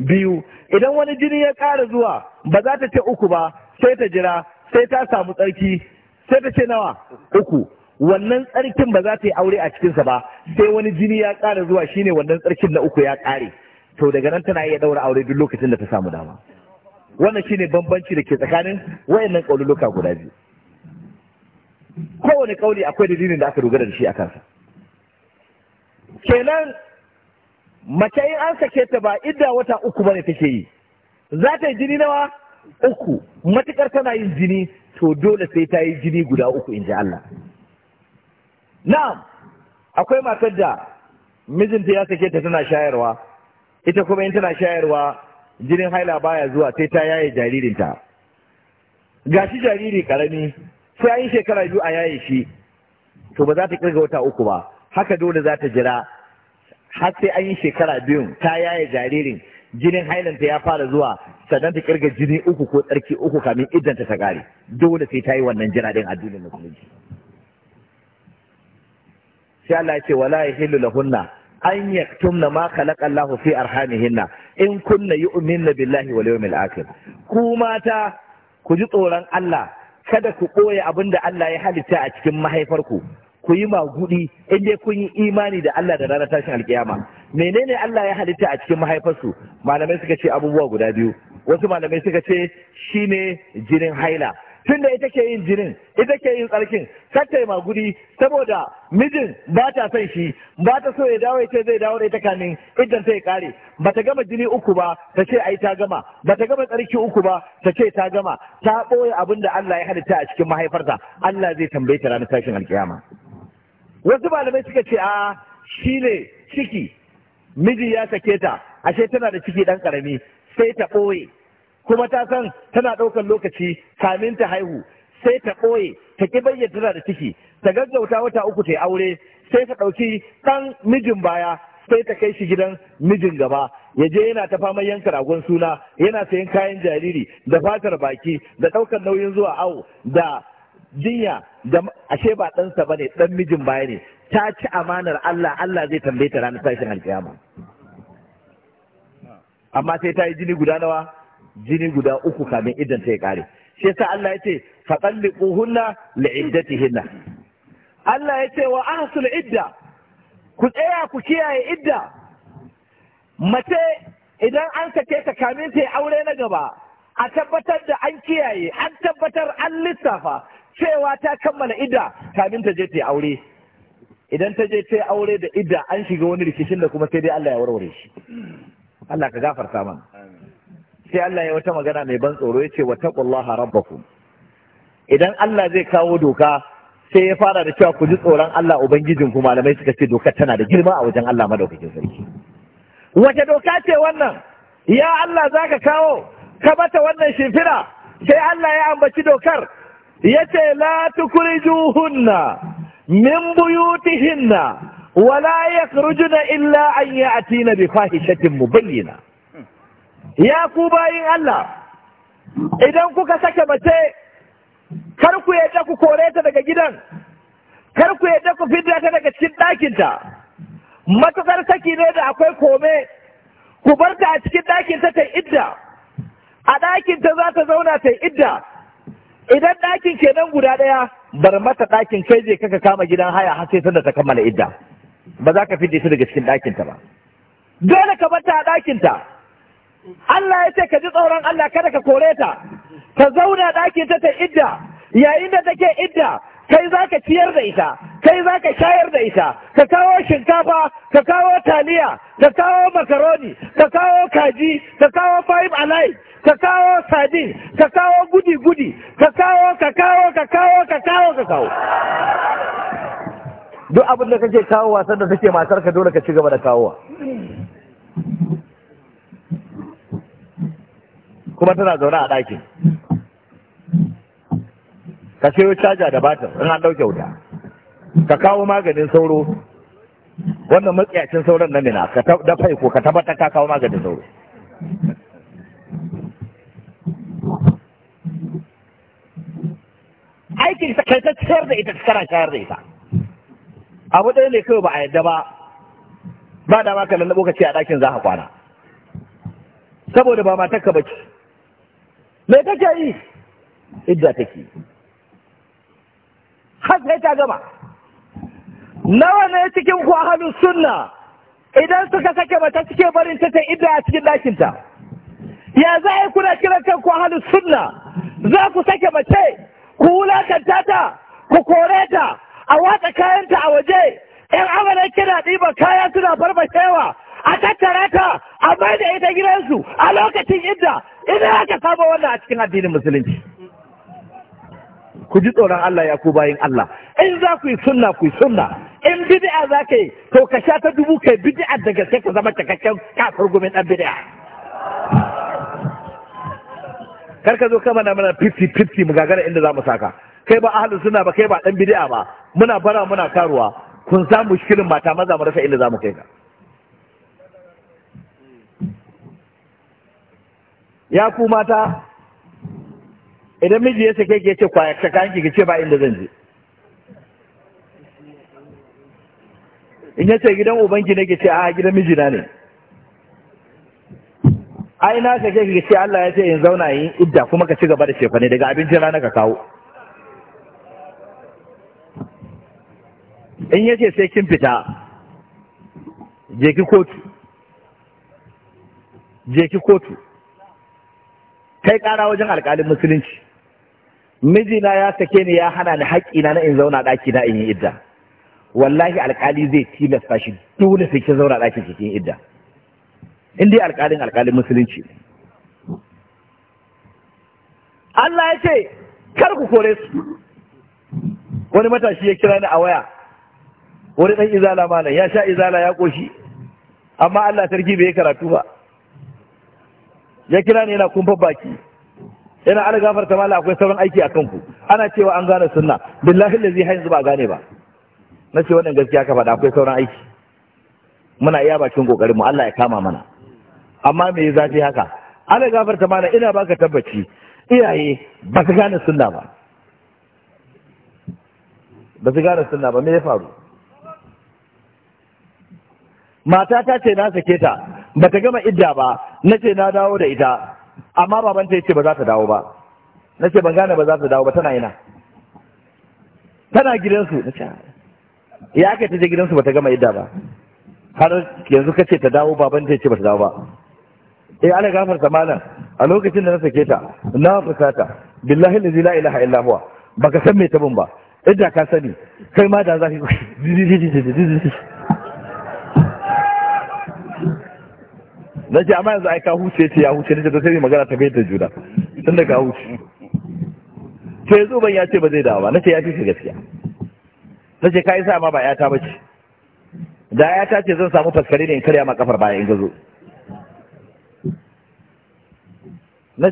biyu idan wani jini ya ƙara zuwa ba za ta ce uku ba sai ta jira sai ta samu tsarki sai ta ce nawa uku wannan tsarkin ba za ta yi aure a cikinsa ba sai wani jini ya ƙara zuwa shine wannan tsarkin na uku ya ƙare to daga nan tana iya ɗaura aure duk lokacin da ta samu dama wannan shine bambanci da ke tsakanin wayannan loka guda biyu kowane ƙauni akwai dalilin da aka dogara da shi a kansa kenan mace in an sake ta ba idda wata uku bane take yi za ta yi jini nawa uku matukar tana yin jini to dole sai ta yi jini guda uku in ji Allah na'am akwai matar da mijinta ya sake ta tana shayarwa ita kuma in tana shayarwa jinin haila baya zuwa sai ta yaye jaririnta gashi jariri karami sai an yi shekara biyu a yaye shi to ba za ta kirga wata uku ba haka dole za ta jira har sai an yi shekara biyun ta yaye jaririn jinin hailanta ya fara zuwa sannan ta kirga jini uku ko tsarki uku kamin idanta ta kare dole sai ta yi wannan jira din addinin musulunci sai Allah ya ce wala yahillu lahunna an yaktumna ma khalaqa Allahu fi arhamihinna in kunna yu'minna billahi wal yawmil akhir ku mata ku ji tsoron Allah kada ku ɓoye abin da Allah ya halitta a cikin mahaifarku ku yi magudi in dai kun yi imani da Allah da ranar tashin alkiyama menene Allah ya halitta a cikin mahaifarsu malamai suka ce abubuwa guda biyu wasu malamai suka ce shine jinin haila Tun da ita ke yin jinin ita ke yin tsarkin kar ma gudi saboda mijin ba ta son shi ba ta so ya dawo ce zai dawo da ita kanin idan ta ya kare ba ta gama jini uku ba ta ce ai ta gama ba ta gama tsarki uku ba ta ce ta gama ta ɓoye abin da Allah ya halitta a cikin mahaifarta Allah zai tambaye ta ranar tashin alkiyama wasu malamai suka ce a shi ne ciki miji ya sake ta ashe tana da ciki ɗan karami sai ta ɓoye kuma ta san tana ɗaukar lokaci kamin ta haihu sai ta ɓoye ta ki bayyana tana da ciki ta gaggauta wata uku ta yi aure sai ta ɗauki ɗan mijin baya sai ta kai shi gidan mijin gaba ya je yana ta fama yanka ragon suna yana sayan kayan jariri da fatar baki da ɗaukar nauyin zuwa awo da jinya da ashe ba ɗansa ba ne ɗan mijin baya ne ta ci amanar Allah Allah zai tambaye ta ranar tashin alƙiyama amma sai ta yi jini guda nawa jini guda uku kamin idan ta ya kare shi yasa Allah ya ce faqalliquhunna li'iddatihinna Allah ya ce wa ahsul idda ku tsaya ku kiyaye idda mace idan an sake ta kamin ta aure na gaba a tabbatar da an kiyaye an tabbatar an lissafa cewa ta kammala idda kamin ta je ta aure idan ta je ta aure da idda an shiga wani rikicin da kuma sai dai Allah ya warware shi Allah ka gafarta mana sai Allah ya wata magana mai ban tsoro ya ce wa taqullaha rabbakum idan Allah zai kawo doka sai ya fara da cewa ku ji tsoron Allah ubangijin ku malamai suka ce dokar tana da girma a wajen Allah madaukakin sarki wace doka ce wannan ya Allah zaka kawo ka bata wannan shimfira sai Allah ya ambaci dokar ya ce la tukrijuhunna min buyutihinna wala yakhrujuna illa an ya'tina bi fahishatin mubayyinah ya ku bayin Allah idan kuka sake mace kar ku yadda ku kore ta daga gidan kar ku yadda ku fidda ta daga cikin ɗakinta matukar saki ne da akwai kome ku bar ta a cikin ɗakinta ta idda a ɗakinta za ta zauna ta idda idan ɗakin ke nan guda ɗaya bar mata ɗakin kai je kaka kama gidan haya har sai sanda ta kammala idda ba za ka fidda ta daga cikin ɗakinta ba dole ka bar ta a ɗakinta Allah ya ce ka ji tsoron Allah kada ka kore ta ka zauna ɗakin ta ta idda yayin da take idda kai za ka ciyar da ita kai za ka shayar da ita ka kawo shinkafa ka kawo taliya ka kawo makaroni ka kawo kaji ka kawo five alive ka kawo sardine ka kawo gudi gudi ka kawo ka kawo ka kawo ka kawo ka kawo duk abin da kake kawo wasan da take matar ka dole ka ci gaba da kawowa kuma tana zaune a ɗakin ka sayo caja da batir in an ɗauke wuta ka kawo maganin sauro wannan matsiyacin sauran nan nina ka da faiko ka tabbatar ka kawo maganin sauro aikin ta kai ta ciyar da ita kana shayar da ita abu ɗaya ne kawai ba a yadda ba ba da maka ka ka ce a ɗakin za ka kwana saboda ba matar ka bace mai kake yi idda take har sai ta gama nawa ne cikin ku ahlus sunna idan suka sake mata suke barin ta ta idda a cikin dakin ta ya za a yi kuna kiran kan ku ahlus sunna za ku sake mace ku wulakanta ta ku kore ta a watsa kayanta a waje yan amana kina ɗiba kaya suna farfashewa a tattara ta a mai da ita gidansu a lokacin idda idan aka saba wannan a cikin addinin musulunci ku ji tsoron Allah ya ku bayin Allah in za ku yi sunna ku yi sunna in bid'a za ka yi to ka sha ta dubu kai bid'a da gaske ka zama cikakken kafir gumin dan bid'a kar ka zo ka mana mana 50 50 mu gagara inda za mu saka kai ba ahlus suna ba kai ba dan bid'a ba muna bara muna karuwa kun samu shirin mata maza mu rasa inda za mu kai ka ya ku mata idan miji ya sake ke ce ta kayan ki ce ba inda zan je in ya ce gidan ubanki ne ke ce a gidan miji na ne ai na sake ki ce Allah ya ce in zauna yi idda kuma ka ci gaba da shefa ne daga abincin rana ka kawo in ya ce sai kin fita je ki kotu je ki kotu kai ƙara wajen alƙalin musulunci mijina ya sake ni ya hana ni haƙƙina na in zauna ɗaki na in yi idda wallahi alƙali zai tilasta shi dole sai ki zauna ɗaki cikin yin idda in dai alƙalin alƙalin musulunci Allah ya ce kar ku kore su wani matashi ya kira ni a waya wani ɗan izala malam ya sha izala ya ƙoshi amma Allah sarki bai karatu ba ya kira ne yana kumfa baki yana ala gafarta mala akwai sauran aiki a kanku ana cewa an gane sunna billahi lazi har zuba ba gane ba na ce wannan gaskiya ka faɗa akwai sauran aiki muna iya bakin kokarin mu Allah ya kama mana amma me ya zafi haka ala gafarta mala ina baka tabbaci iyaye ba su gane sunna ba ba su gane sunna ba me ya faru mata ta ce na sake ta Ba ta gama idda ba na ce na dawo da ita amma babanta ya ce ba za ta dawo ba na ce ban gane ba za ta dawo ba tana ina tana gidansu na ce ya aka ta je gidansu ta gama idda ba har yanzu ka ce ta dawo babanta ya ce ba ta dawo ba eh ana gafarta malam a lokacin da na sake ta na fusata billahi la ilaha illa huwa baka san me ta bin ba idda ka sani kai ma da za ka na ce amma yanzu ai ka huce ce ya huce ne ta sai magana ta bai da juna tun da ka huce to yanzu ban ya ce ba zai dawo ba na ce ya fi gaskiya na ce ka yi sa ma ba yata bace da yata ce zan samu faskare ne in karya ma kafar baya in gazo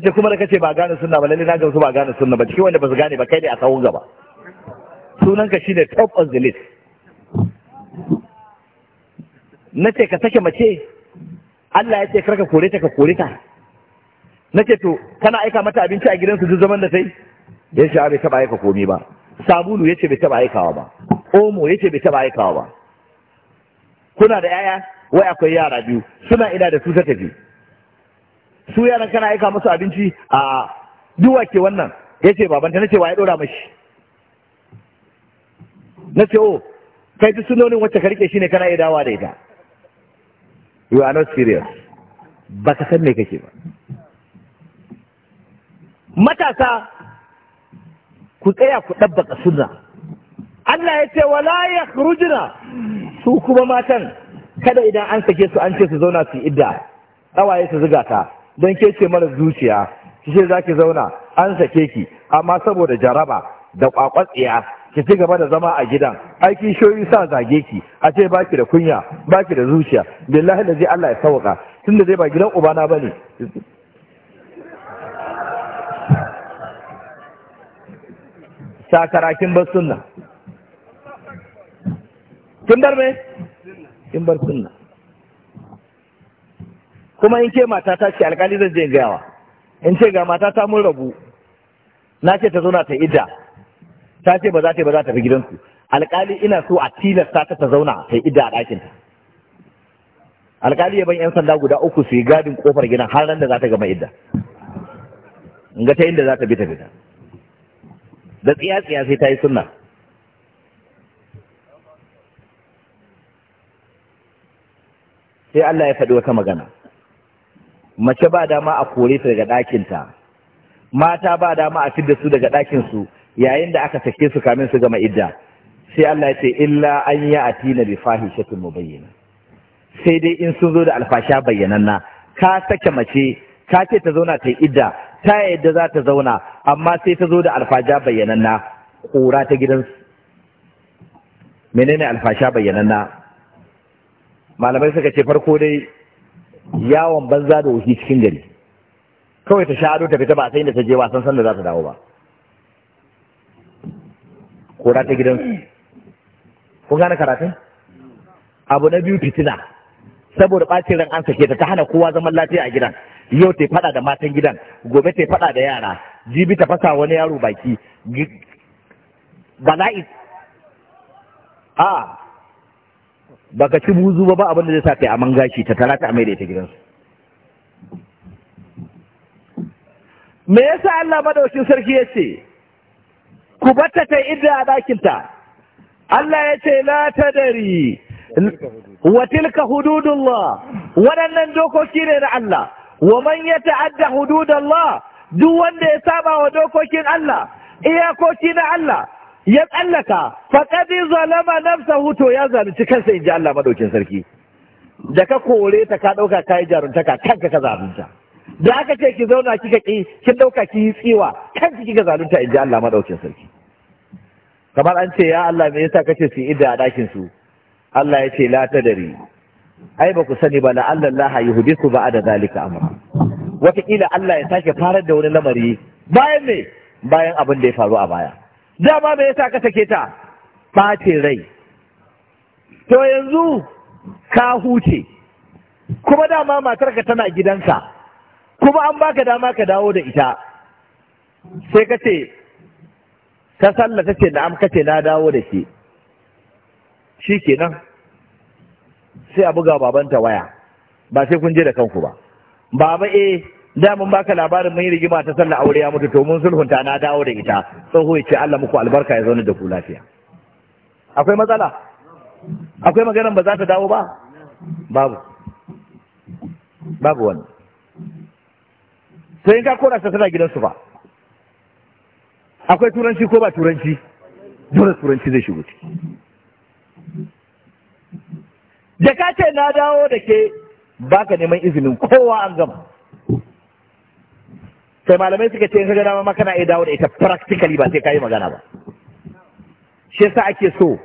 ce kuma da kace ba gane sunna ba lalle na gamsu ba gane sunna ba cikin wanda ba su gane ba kai ne a tsawon gaba sunanka shine top of the list na ce ka sake mace Allah ya ce karka kore ta ka kore ta ce to kana aika mata abinci a gidansu duk zaman da sai ya ce bai taba aika komi ba sabulu ya ce bai taba aikawa ba omo ya ce bai taba aikawa ba kuna da yaya wai akwai yara biyu suna ina da su ta tafi su yaran kana aika musu abinci a duwa ke wannan ya ce babanta nace wa ya dora mashi nace o oh, kai duk sunonin wacce ka rike shine kana iya dawa da ita you are not serious ba ka san me kake ba matasa ku tsaya ku ɗabbaka suna Allah ya ce wala ya rujina su kuma matan kada idan an sake su an ce su zauna su idda tsawaye su ziga ta don ke ce mara zuciya ki ce za zauna an sake ki amma saboda jaraba da kwakwatsiya ki ci gaba da zama a gidan aiki shoyi sa zage ki a ce baki da kunya baki da zuciya billahi da zai Allah ya sauka tunda zai ba gidan ubana bane sakarakin bar sunna kin bar me kin bar sunna kuma in ke mata ta ce alkali zan je in ce ga mata ta mun rabu na ce ta zo na ta idda ta ce ba za ta ba za ta fi gidansu alƙali ina so a tilasta ta ta zauna yi idda a ɗakin ta alƙali ya ban yan sanda guda uku su yi gadin kofar gidan har nan da za ta gama idda in ga ta inda za ta bi ta fita da tsiya tsiya sai ta yi sunna sai Allah ya faɗi wata magana mace ba dama a kore ta daga ɗakinta mata ba dama a fidda su daga ɗakinsu yayin da aka sake su kamin su gama idda sai Allah ya ce illa an ya atina bi fahishatin mubayyana sai dai in sun zo da alfasha bayyananna ka sake mace ka ce ta zauna ta yi idda ta yadda za ta zauna amma sai ta zo da alfasha bayyananna kura ta gidansu menene alfasha bayyananna malamai suka ce farko dai yawon banza da wuce cikin gari kawai ta sha ado ta fita ba sai da ta je wasan san da za ta dawo ba kora ta gidansu kun gane karatun abu na biyu fitina saboda ɓacin ran an sake ta ta hana kowa zaman lafiya a gidan yau ta faɗa da matan gidan gobe ta faɗa da yara jibi ta fasa wani yaro baki bala'i a baka ci buzu ba ba abin da zai sa kai a mangashi ta tara ta mai da ita gidansu me yasa Allah madaukin sarki ya ce ku bata ta idda a ɗakinta Allah ya ce la ta dari wa tilka hududullah waɗannan dokoki ne na Allah wa man ya ta'adda hududallah duk wanda ya saba wa dokokin Allah iyakoki na Allah ya tsallaka faqad zalama nafsa, to ya zalunci kansa in ji Allah maɗaukin sarki da ka kore ta ka ɗauka ka yi jaruntaka kanka ka zalunta da aka ce ki zauna kika ki kin ɗauka ki yi tsiwa kanki kika zalunta in ji Allah maɗaukin sarki kamar an ce ya Allah me yasa kace su idda a dakin su Allah ya ce la tadari ai ba ku sani ba la Allah ba da zalika amra wataƙila Allah ya sake farar da wani lamari bayan me bayan abin da ya faru a baya dama me yasa ka sake ta Bace rai to yanzu ka huce kuma dama matarka tana gidanka kuma an baka dama ka dawo da ita sai ka ce ta sallah ta ce na'am kace na dawo da shi shi kenan sai a buga babanta waya ba sai kun je da kanku ba baba eh da mun baka labarin mun yi rigima ta sallah aure ya mutu to mun sulhunta na dawo da ita tsoho ya ce Allah muku albarka ya zauna da ku lafiya akwai matsala akwai maganar ba za ta dawo ba babu babu wani sai in ka kora ta tana gidansu ba akwai turanci ko ba turanci dole turanci zai shigo ciki da ka ce na dawo da ke baka neman izinin kowa an gama sai malamai suka ce in ka dama ma kana iya dawo da ita practically ba sai ka yi magana ba shi yasa ake so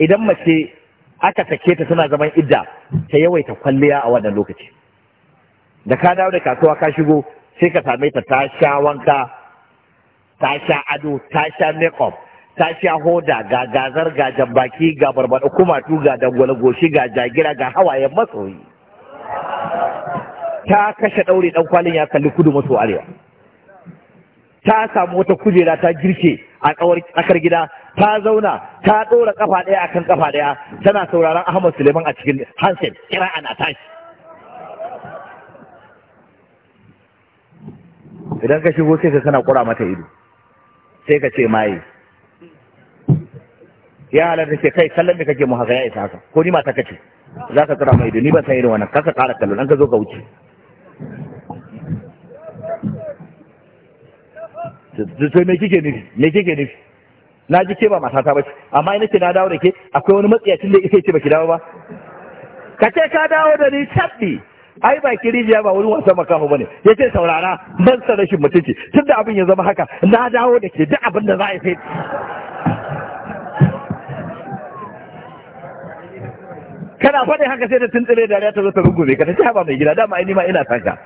idan mace aka sake ta tana zaman idda ta yawaita kwalliya a wannan lokaci da ka dawo da kasuwa ka shigo sai ka same ta ta wanka ta sha ado ta sha makeup ta sha hoda ga gazar ga jambaki ga barbada kumatu ga dangwale goshi ga jagira ga hawayen masoyi ta kashe ɗaure ɗan kwalin ya kalli kudu maso arewa ta samu wata kujera ta girke a tsakar gida ta zauna ta ɗora kafa ɗaya akan ƙafa ɗaya tana sauraron Ahmad Suleiman a cikin Hansen kira ana tashi idan ka shigo sai ka kana kura mata ido sai ka ce maye ya halarta ce kai kallon da kake mu haka ya isa haka ko ni mata kace za ka tsara mai ido ni ban san irin wannan kasa ƙara kallo dan ka zo ka wuce sai me kike nufi me kike nufi na ji ke ba matata ba ce amma ina ce na dawo da ke akwai wani matsiyacin da ita ce baki dawo ba ka ce ka dawo da ni tabbi ai ba rijiya ba wurin wasan makaho bane ya ce saurara ban san rashin mutunci tun da abin ya zama haka na dawo da ke duk abin da za a yi kana faɗin haka sai da tuntsire da ta zo ta rungume ka ta ce haba mai gida dama ai ma ina tanka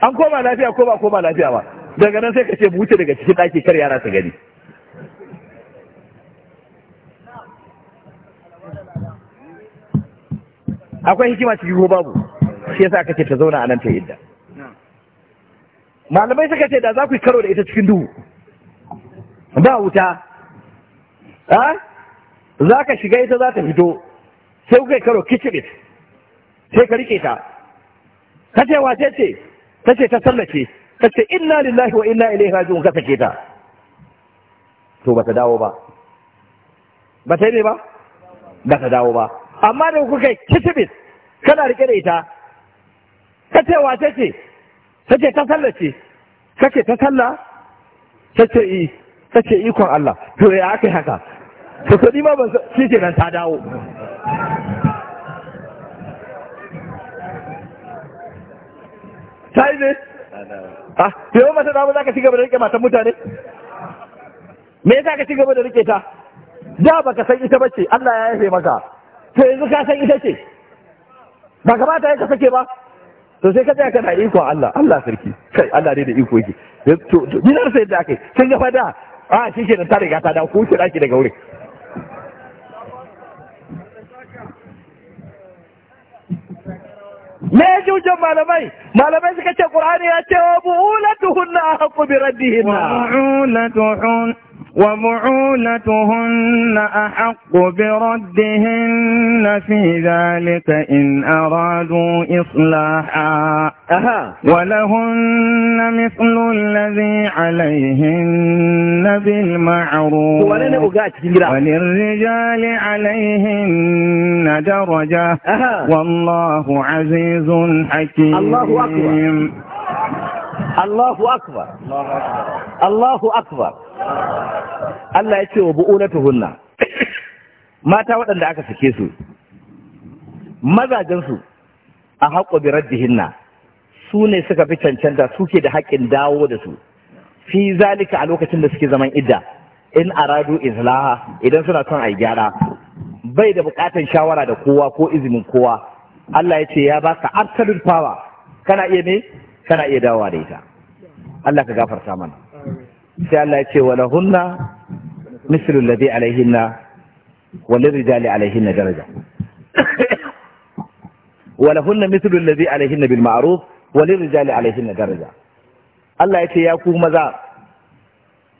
an koma lafiya ko ba koma lafiya ba daga nan sai ka ce mu wuce daga cikin ɗaki kar yara su gani akwai hikima ciki ko babu shi yasa aka ce ta zauna a nan ta yadda, malamai suka ce da za ku yi karo da ita cikin duhu ba wuta ha za ka shiga ita za ta fito sai kuka yi karo kicibit sai ka rike ta ta ce wace ce ta ce ta sallace ta ce inna lillahi wa inna ilaihi raji'un ka sake ta to ba ta dawo ba ba ta yi ne ba ba ta dawo ba amma da kuka yi kicibit kana rike da ita ka ce wace ce ta ce ta sallah ce ka ce ta sallah ta ce i ta ce ikon Allah to ya aka haka to ni ma ban shi ke nan ta dawo ta yi ne ah to ba ta dawo za ka ci da rike matan mutane me yasa ka shiga gaba da rike ta da baka san ita bace Allah ya yafe maka to yanzu ka san ita ce ba kamata ya ka sake ba to sai ka tsaya kana ikon Allah Allah sarki kai Allah ne da iko yake to ni na sai da kai kin ga fada a shi ke ta riga ta da ku kira ki daga wuri me ya ji hujjan malamai malamai suka ce qur'ani ya ce wa bu'ulatuhunna haqqu bi raddihinna bu'ulatuhunna وبعولتهن أحق بردهن في ذلك إن أرادوا إصلاحا أها. ولهن مثل الذي عليهن بالمعروف وللرجال عليهن درجة أها. والله عزيز حكيم الله أكبر الله أكبر الله أكبر, الله أكبر. Allah ya ce wa tuhunna. mata waɗanda aka sake su mazajensu a haƙo bi raddihinna su ne suka fi cancanta suke da haƙƙin dawo da su fi zalika a lokacin da suke zaman idda in aradu islaha idan suna son a gyara bai da buƙatar shawara da kowa ko izinin kowa Allah ya ce ya baka absolute power kana iya ne kana iya dawowa da ita Allah ka gafarta mana sai Allah ya ce wa lahunna mislu alladhi alayhinna wa lirijali alayhinna daraja wa lahunna mislu alladhi alayhinna bil ma'ruf wa lirijali alayhinna daraja Allah ya ce ya ku maza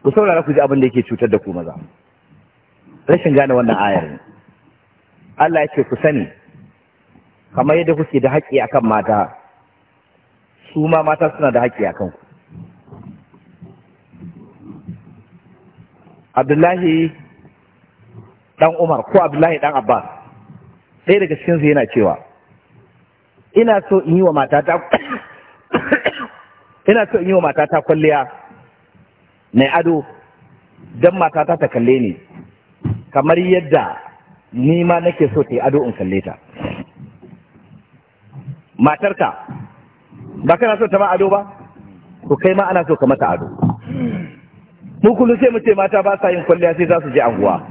ku saurara ku ji abin da yake cutar da ku maza rashin gane wannan ayar ne Allah ya ce ku sani kamar yadda kuke da haƙƙi akan mata su ma mata suna da haƙƙi akan ku abdullahi dan umar ko abdullahi dan abbas ɗaya daga cikinsu yana cewa ina so in yi wa matata ina so in yi wa matata kwalliya na ado don matata ta kalle ni kamar yadda ni ma nake so ta yi ado in kalle ta matarka ba kana so ta ma ado ba ko kai ma ana so ka mata ado Mukulu kullum sai mu ce mata ba sa yin kwalliya sai za su je anguwa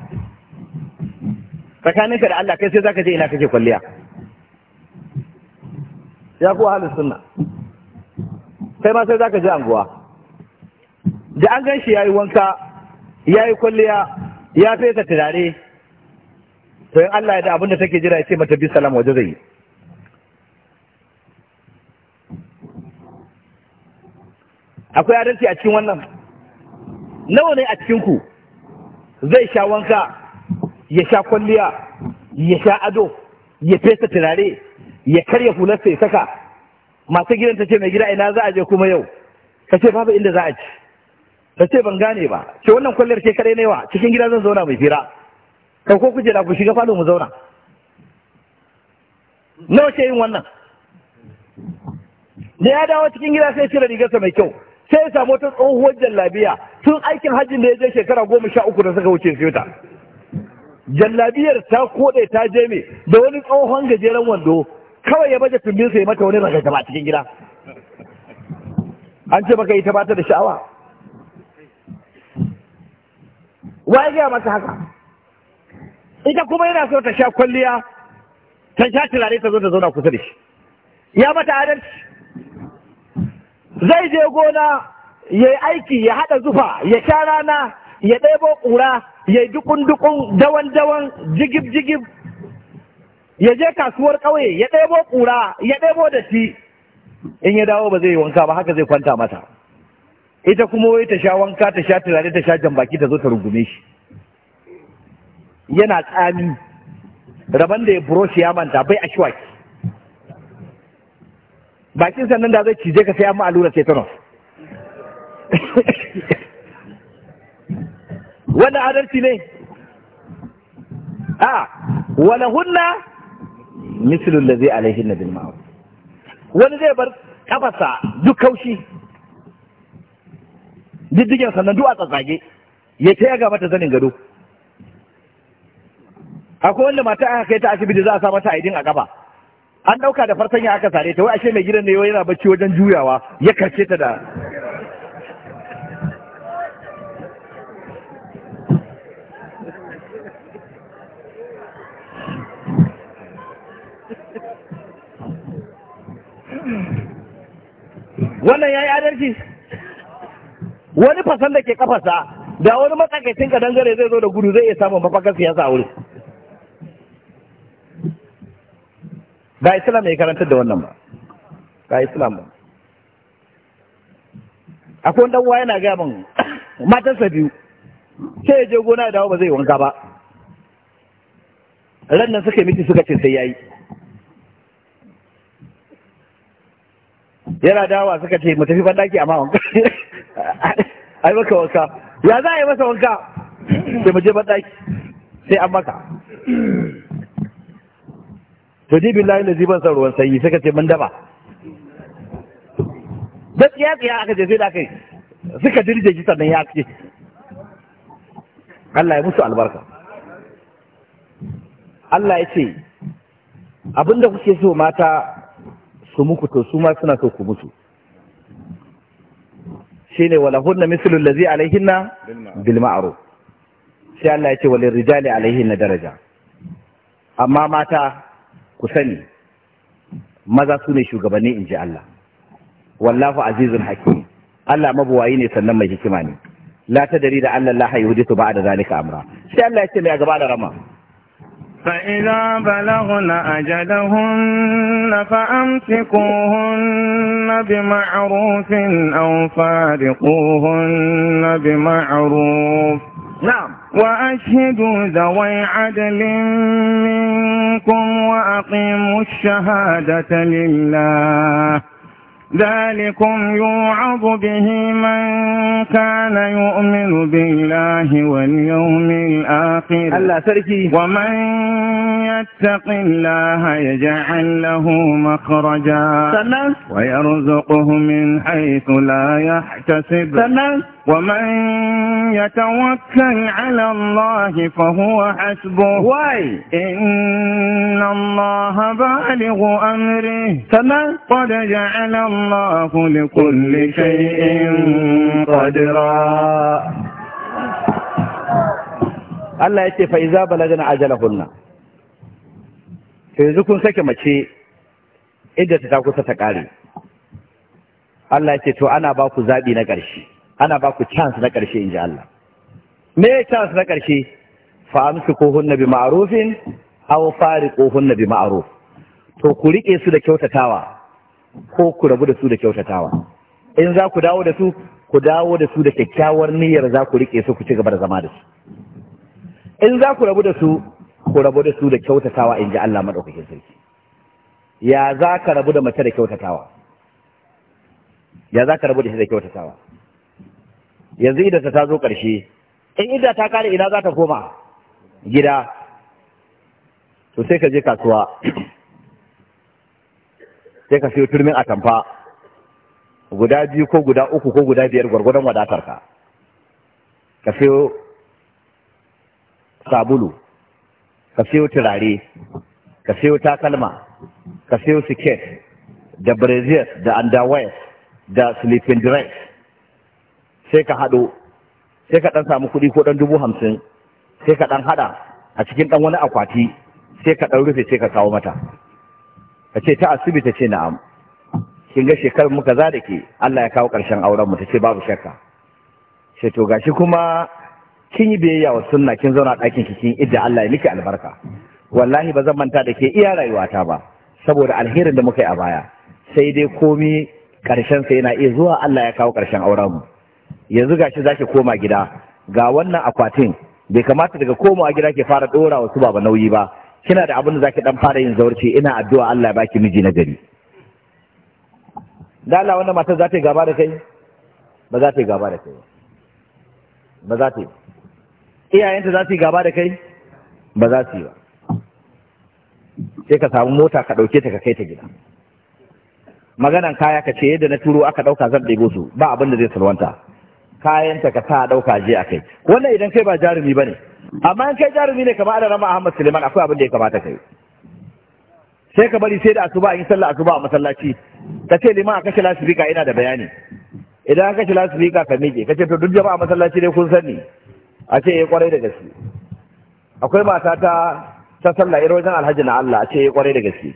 tsakaninka da Allah kai sai za ka je ina kake kwalliya ya kuwa halin suna, kai ma sai za ka je anguwa da an gan shi ya yi wanka ya yi kwalliya ya fesa turare to yin Allah ya da abinda take jira ya ce mata bi salama waje zai yi. akwai adalci a cikin wannan nawa ne a cikinku zai sha wanka ya sha kwalliya ya sha ado ya fesa turare ya karya hularsa ya saka masu gidan ta ce mai gida ina za a je kuma yau ka ce babu inda za a ci ka ce ban gane ba ce wannan kwalliyar ce kare wa cikin gida zan zauna mai fira ka ko kuje da ku shiga falo mu zauna nawa ce yin wannan da ya dawo cikin gida sai cire rigarsa mai kyau sai ya samu wata tsohuwar jallabiya tun aikin hajjin da ya je shekara goma sha uku da suka wuce sai ta jallabiyar ta koɗe ta je mai da wani tsohon gajeren wando kawai ya baje tumbin sai mata wani ragagaba cikin gida an ce baka yi ta bata da sha'awa wa ya gaya masa haka ita kuma yana so ta sha kwalliya ta sha turare ta zo ta zauna kusa da shi ya mata adalci zai je gona ya yi aiki ya haɗa zufa ya sha rana ya ɗebo ƙura ya yi dukun-dukun dawan-dawan jigib-jigib ya je kasuwar ƙauye ya ɗebo ƙura ya ɗebo da shi in ya dawo ba zai yi wanka ba haka zai kwanta mata ita kuma wai ta sha wanka ta sha turare ta sha jambaki ta zo ta rungume shi yana tsami raban da ya buroshi ya manta bai ashwaki bakin sannan da zai cije ka sai amma allura tetanus wannan adalci ne a Wani hunna da zai alaihi nabil ma'a wani zai bar kafasa duk kaushi diddigen sannan duk a tsatsage ya ta yaga mata zanin gado akwai wanda mata aka kai ta asibiti za a sa mata aidin a kafa an dauka da ya aka sare ta wai ashe mai gidan ne yana bacci wajen juyawa ya karce ta da wannan ya yi adalci wani fasan da ke kafasa da wani matsakaicin kadangare zai zo da gudu zai iya samun mafakar siyasa a wuri ba islam ya karantar da wannan ba ba islam ba akwai wani uwa yana gaya min matarsa biyu sai ya je gona ya dawo ba zai wanka ba ran nan suka yi miki suka ce sai yayi yana dawa suka ce mu tafi bandaki amma wanka ai maka wanka ya za a yi masa wanka sai mu je banɗaki, sai an maka to ni billahi na ziban san ruwan sanyi suka ce mun daba da tsiya tsiya aka je sai da kai suka dirje shi sannan ya ce Allah ya musu albarka Allah ya ce abinda kuke so mata su muku to su ma suna so ku musu shine wala hunna mislul ladzi alaihinna bil ma'ruf sai Allah ya ce walil rijali alaihinna daraja amma mata ku sani maza su ne shugabanni in ji Allah wallahu azizun hakim Allah mabuwayi ne sannan mai hikima ne la tadri da Allah la su ba'da zalika amra sai Allah ya ce mai gaba da rama فإذا بلغن أجلهن فأمسكوهن بمعروف أو فارقوهن بمعروف نعم وأشهدوا ذوي عدل منكم وأقيموا الشهادة لله ذلكم يوعظ به من كان يؤمن بالله واليوم الآخر ومن يتق الله يجعل له مخرجا ويرزقه من حيث لا يحتسب ومن يتوكل على الله فهو حسبه واي إن الله بالغ أمره فما قد جعل الله لكل شيء قدرا الله يتي فإذا بلغنا عجلهن في ذكر سكه ما شيء إذا تتاكو ستكاري الله يتي تو أنا باكو زابي نقرشي ana ba ku chance na ƙarshe in ji Allah me chance na ƙarshe fa hunna bi ma'arufin? fari ko hunna bi ma'aruf? to ku riƙe su da kyautatawa ko ku rabu da su da kyautatawa in za ku dawo da su ku dawo da su da kyakkyawar niyyar za ku riƙe su ku ci gaba da zama da su in za ku rabu da su ku rabu da su da kyautatawa in ji Allah maɗaukakin sarki ya za ka rabu da mace da kyautatawa ya za ka rabu da shi da kyautatawa yanzu idan ta zo ƙarshe in idan ta kare ina za ta koma gida to sai ka je kasuwa sai ka siyo turmin atamfa guda biyu ko guda uku ko guda biyar gwargwadon wadatarka ka siyo sabulu ka siyo turare ka siyo takalma ka siyo siket da brazil da underwear da sleeping dress sai ka haɗo sai ka ɗan samu kuɗi ko ɗan dubu hamsin sai ka ɗan haɗa a cikin ɗan wani akwati sai ka ɗan rufe sai ka kawo mata ka ce ta asibiti ce na'am kin ga shekarar muka za da ke Allah ya kawo ƙarshen auren mu ta ce babu shakka ce to gashi kuma kin yi biyayya wa sunna kin zauna a ɗakin kikin idda Allah ya miki albarka wallahi ba zan manta da ke iya rayuwata ba saboda alherin da muka yi a baya sai dai komi ƙarshen sa yana iya zuwa Allah ya kawo ƙarshen auren mu yanzu gashi zaki koma gida ga wannan akwatin bai kamata daga komawa gida ke fara dora wasu baba nauyi ba kina da abin da zaki dan fara yin zaurci ina addu'a Allah ya baki miji na gari da Allah wannan matar za ta yi gaba da kai ba za ta yi gaba da kai ba za ta iyayenta za su yi gaba da kai ba za su yi ba sai ka samu mota ka ɗauke ta ka kai ta gida maganan kaya ka ce yadda na turo aka ɗauka zan ɗebo su ba abin da zai salwanta kayanta ka sa ɗauka je a kai wannan idan kai ba jarumi ba ne amma in kai jarumi ne kamar adana ma Ahmad Suleiman akwai abin da ya kamata kai sai ka bari sai da asuba in sallah asuba a masallaci ka ce liman a kashe lasifika ina da bayani idan aka kashe lasifika ka miƙe ka ce to duk jama'a masallaci dai kun sani a ce ya eh, kwarai da gaske akwai mata ta ta sallah irin wajen alhaji na Allah a ce ya eh, kwarai da gaske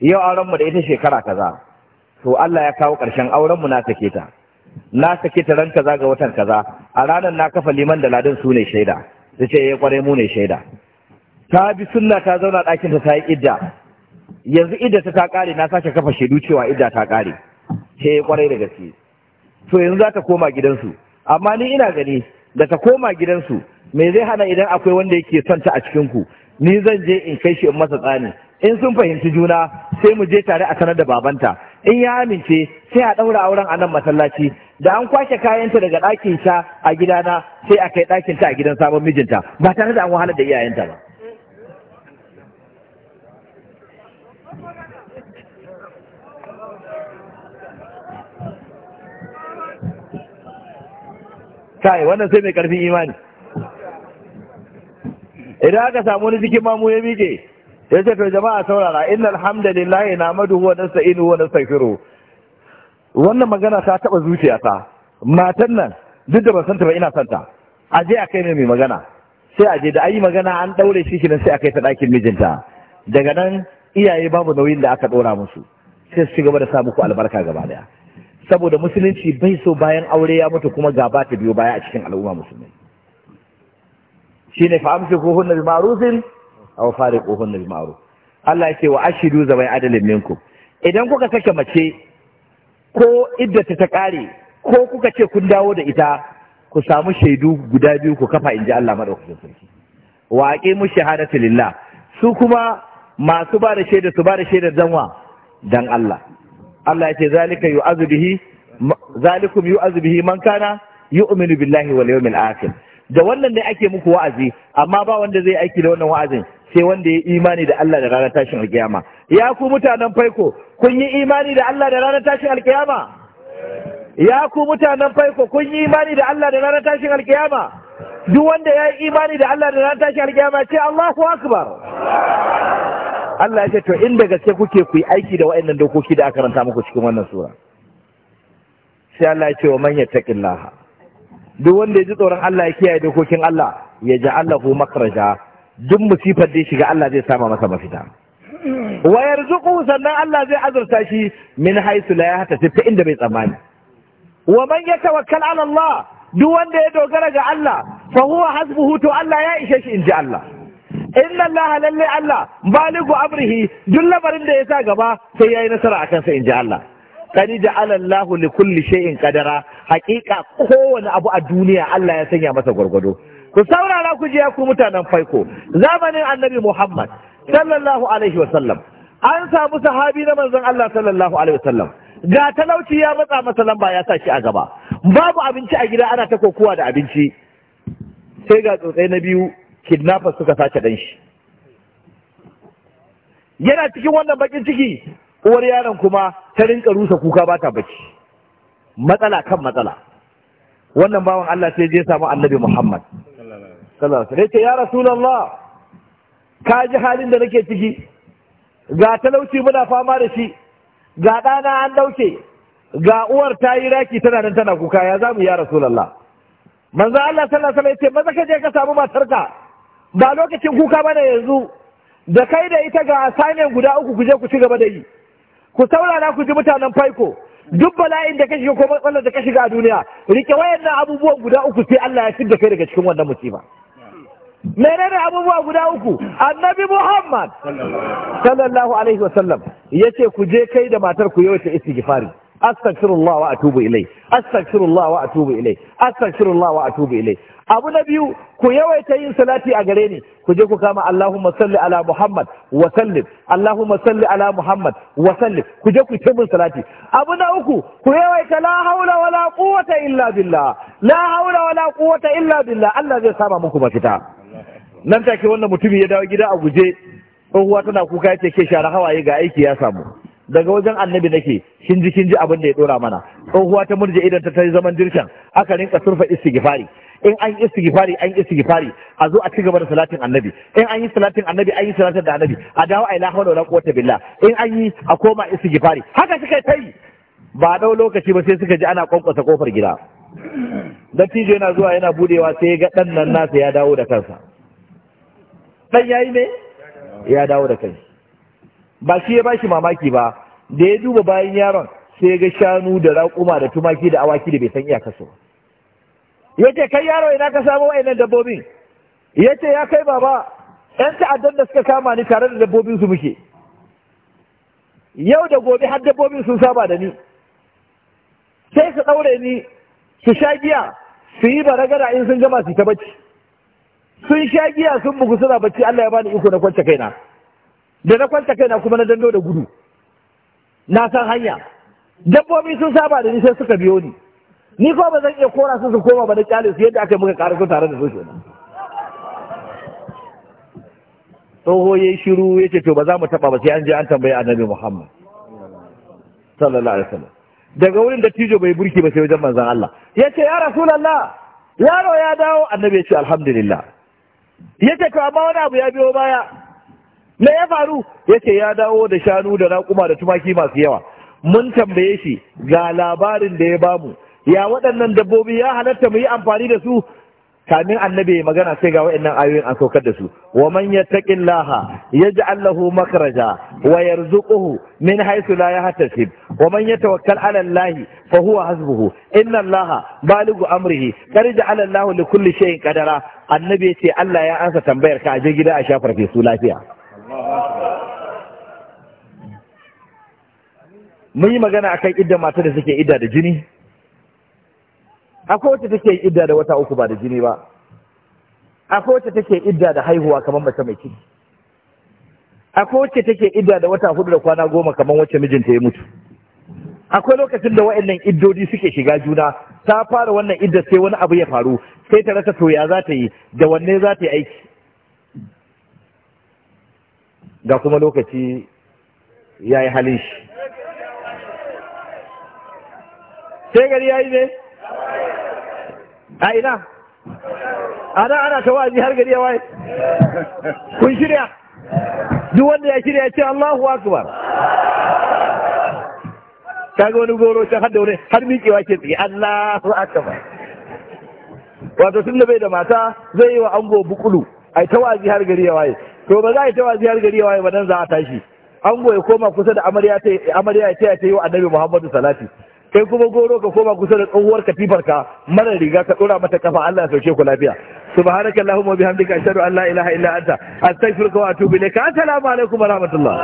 yau auren mu da ita shekara kaza to Allah ya kawo ƙarshen auren mu na take ta na sake ta ranka kaza ga watan kaza a ranar na kafa liman da ladin su ne shaida ta ce ya eh, kware mu ne shaida ta bi sunna ta zauna ɗakin ta ta yi idda yanzu idda ta ta ƙare na sake kafa shaidu cewa idda ta ƙare ce ya kware da gaske to yanzu za ta koma gidansu amma ni ina gani da ta koma gidansu me zai hana idan akwai wanda yake son ta a cikin ku ni zan je in kai shi in masa tsani in sun fahimci juna sai mu je tare a sanar da babanta in ya amince sai a ɗaura auren a nan masallaci da an kwashe kayanta daga ɗakin sa a gidana sai a kai ɗakin ta a gidan sabon mijinta ba tare da an wahalar da iyayenta ba kai wannan sai mai karfin imani idan aka samu wani cikin mamu ya miƙe ya ce to jama'a saurara inna alhamdulillahi na maduhu wa nasta'inu wa nastaghfiru wannan magana ta taba zuciyata matan nan duk da ban santa ba ina santa a je a kai mai magana sai a je da ayi magana an daure shi kinan sai a kai ta dakin mijinta daga nan iyaye babu nauyin da aka ɗora musu sai su gaba da sa muku albarka gaba daya saboda musulunci bai so bayan aure ya mutu kuma gaba ta biyo baya a cikin al'umma musulmi shine fa amsiku hunna bi ma'rufin aw fariquhunna bil ma'ruf Allah ya wa ashidu zabai adalin minkum idan kuka sake mace ko iddata ta kare ko kuka ce kun dawo da ita ku samu shaidu guda biyu ku kafa inji Allah madaukakin sarki wa aqimu shahadati lillah su kuma masu ba da shaida su ba da shaida zanwa dan Allah Allah ya zalika yu'azu bihi zalikum yu'azu bihi man kana yu'minu billahi wal yawmil akhir da wannan ne ake muku wa'azi amma ba wanda zai aiki da wannan wa'azin sai wanda ya imani da Allah da ranar tashin alkiyama ya ku mutanen faiko kun yi imani da Allah da ranar tashin alkiyama ya ku mutanen faiko kun yi imani da Allah da ranar tashin alkiyama duk wanda ya yi imani da Allah da ranar tashin alkiyama ce Allahu akbar Allah ya ce to inda gaske kuke ku yi aiki da waɗannan dokoki da aka ranta muku cikin wannan sura sai Allah ya ce wa man yattaqillaha duk wanda ya ji tsoron Allah ya kiyaye dokokin Allah ya ja'alahu makhraja duk musifar da ya shiga Allah zai sama masa mafita wa yarzuqu sannan Allah zai azurta shi min haisu la yahtasib ta inda bai tsammani wa man yatawakkal ala Allah duk wanda ya dogara ga Allah fa huwa hasbuhu to Allah ya ishe shi inji Allah inna Allah lalle Allah baligu amrihi duk labarin da ya sa gaba sai yayi nasara akan in inji Allah kani da Allah li kulli shay'in qadara haqiqa kowane abu a duniya Allah ya sanya masa gwargwado ku saurara ku je ku mutanen faiko zamanin annabi Muhammad sallallahu alaihi wa sallam an samu sahabi na manzon Allah sallallahu alaihi wa sallam ga talauci ya matsa masa lamba ya sa shi a gaba babu abinci a gida ana ta kokowa da abinci sai ga tsotsai na biyu kidnappers suka sace dan shi yana cikin wannan bakin ciki uwar yaron kuma ta rinka rusa kuka ba ta bacci matsala kan matsala wannan bawan Allah sai je samu annabi Muhammad sallallahu alaihi wasallam ya rasulullah ka ji halin da nake ciki ga talauci muna fama da shi ga ɗana an ɗauke ga uwar ta yi raki tana nan tana kuka ya zamu ya rasulullah manzo Allah sallallahu alaihi wasallam ya ce maza ka je ka samu matarka ba lokacin kuka ba bane yanzu da kai da ita ga asane guda uku ku je ku ci gaba da yi ku saurara ku ji mutanen faiko duk bala'in da ka shiga ko matsalar da ka shiga a duniya rike wayannan abubuwan guda uku sai Allah ya fidda kai daga cikin wannan musiba menene abubuwa guda uku annabi muhammad sallallahu alaihi wasallam ce ku je kai da matar ku yawaita istighfari astaghfirullah wa atubu ilai astaghfirullah wa atubu ilai astaghfirullah wa atubu ilai abu na biyu ku yawaita yin salati a gare ni ku je ku kama allahumma salli ala muhammad wa sallim allahumma salli ala muhammad wa sallim ku je ku tabbin salati abu na uku ku yawaita la haula wala quwwata illa billah la haula wala quwwata illa billah Allah zai sama muku mafita nan take wannan mutumin ya dawo gida a guje uwa tana kuka ya ke share hawaye ga aiki ya samu daga wajen annabi nake kin ji kin ji abin da ya dora mana uwa ta murje idan ta tayi zaman dirshan aka rinka surfa istighfari in an yi istighfari an yi istighfari a zo a ci gaba da salatin annabi in an yi salatin annabi an yi salatin da annabi a dawo a ilaha wala quwwata billah in an yi a koma istighfari haka suka yi. ba dau lokaci ba sai suka ji ana kwankwasa kofar gida dattijo yana zuwa yana budewa sai ya ga dan nan nasa ya dawo da kansa ya yayi ne ya dawo da kai ba shi ya shi mamaki ba da ya duba bayan yaron sai ga shanu da raƙuma da tumaki da awaki da bai san iya kaso. ya ce kai yaro ina ka samu wa'annan dabbobin ya ce ya kai baba yan ta'addan da suka kama ni tare da dabbobin su muke yau da gobe har dabbobin sun saba da ni sai su ɗaure ni su sha giya su yi baragara in sun gama su ta bacci sun sha giya sun bugu suna bacci Allah ya bani iko na kwanta kaina da na kwanta kaina kuma na dando da gudu na san hanya dabbobi sun saba da ni sai suka biyo ni ni ko ba zan iya kora su su koma ba da kyale su yadda aka muka karasu tare da su kenan tsoho ya yi shiru ya ce to ba za mu taba ba sai an je an tambaye annabi Muhammad sallallahu alaihi wasallam daga wurin da tijo bai burki ba sai wajen manzon Allah ya ce ya rasulullah yaro ya dawo annabi ya ce alhamdulillah ya ce kama wani abu ya biyo baya me ya faru ya ce ya dawo da shanu da raƙuma da tumaki masu yawa mun tambaye shi ga labarin da ya bamu ya waɗannan dabbobi ya halatta mu yi amfani da su kamin annabi ya magana sai ga wa'annan ayoyin an saukar da su wa man yattaqillaha yaj'al lahu makhraja wa yarzuquhu min haythu la yahtasib wa man yatawakkal 'ala Allah fa huwa hasbuhu inna Allah balighu amrihi karja 'ala Allah li kulli shay'in qadara annabi yace Allah ya ansa tambayar ka aje gida a shafar su lafiya mun yi magana akan idda mata da suke idda da jini akwai wacce take idda da wata uku ba da jini ba akwai wacce take idda da haihuwa kamar mace mai ciki akwai wacce take idda da wata hudu da kwana goma kamar wacce mijinta ya mutu akwai lokacin da wa'annan iddodi suke shiga juna ta fara wannan idda sai wani abu ya faru sai ta rasa toya za ta yi da wanne za ta yi aiki ga kuma lokaci ya yi halin shi sai gari ya yi ne a ina ana ana ta wazi har gari ya waye kun shirya duk wanda ya shirya ce Allahu akbar ga wani goro can hada wani har miƙewa ke tsaye Allahu akbar wato tun da bai da mata zai yi wa ango bukulu ai ta wazi har gari ya waye to ba za a yi ta wazi har gari ya waye ba nan za a tashi ango ya koma kusa da amarya ce ya ta yi wa annabi Muhammadu Salatu. kai kuma goro ka koma kusa da tsohuwar ka mara riga ka dora mata kafa Allah ya sauke ku lafiya subhanaka allahumma bihamdika ashhadu an la ilaha illa anta astaghfiruka wa atubu ilaik assalamu alaikum wa rahmatullah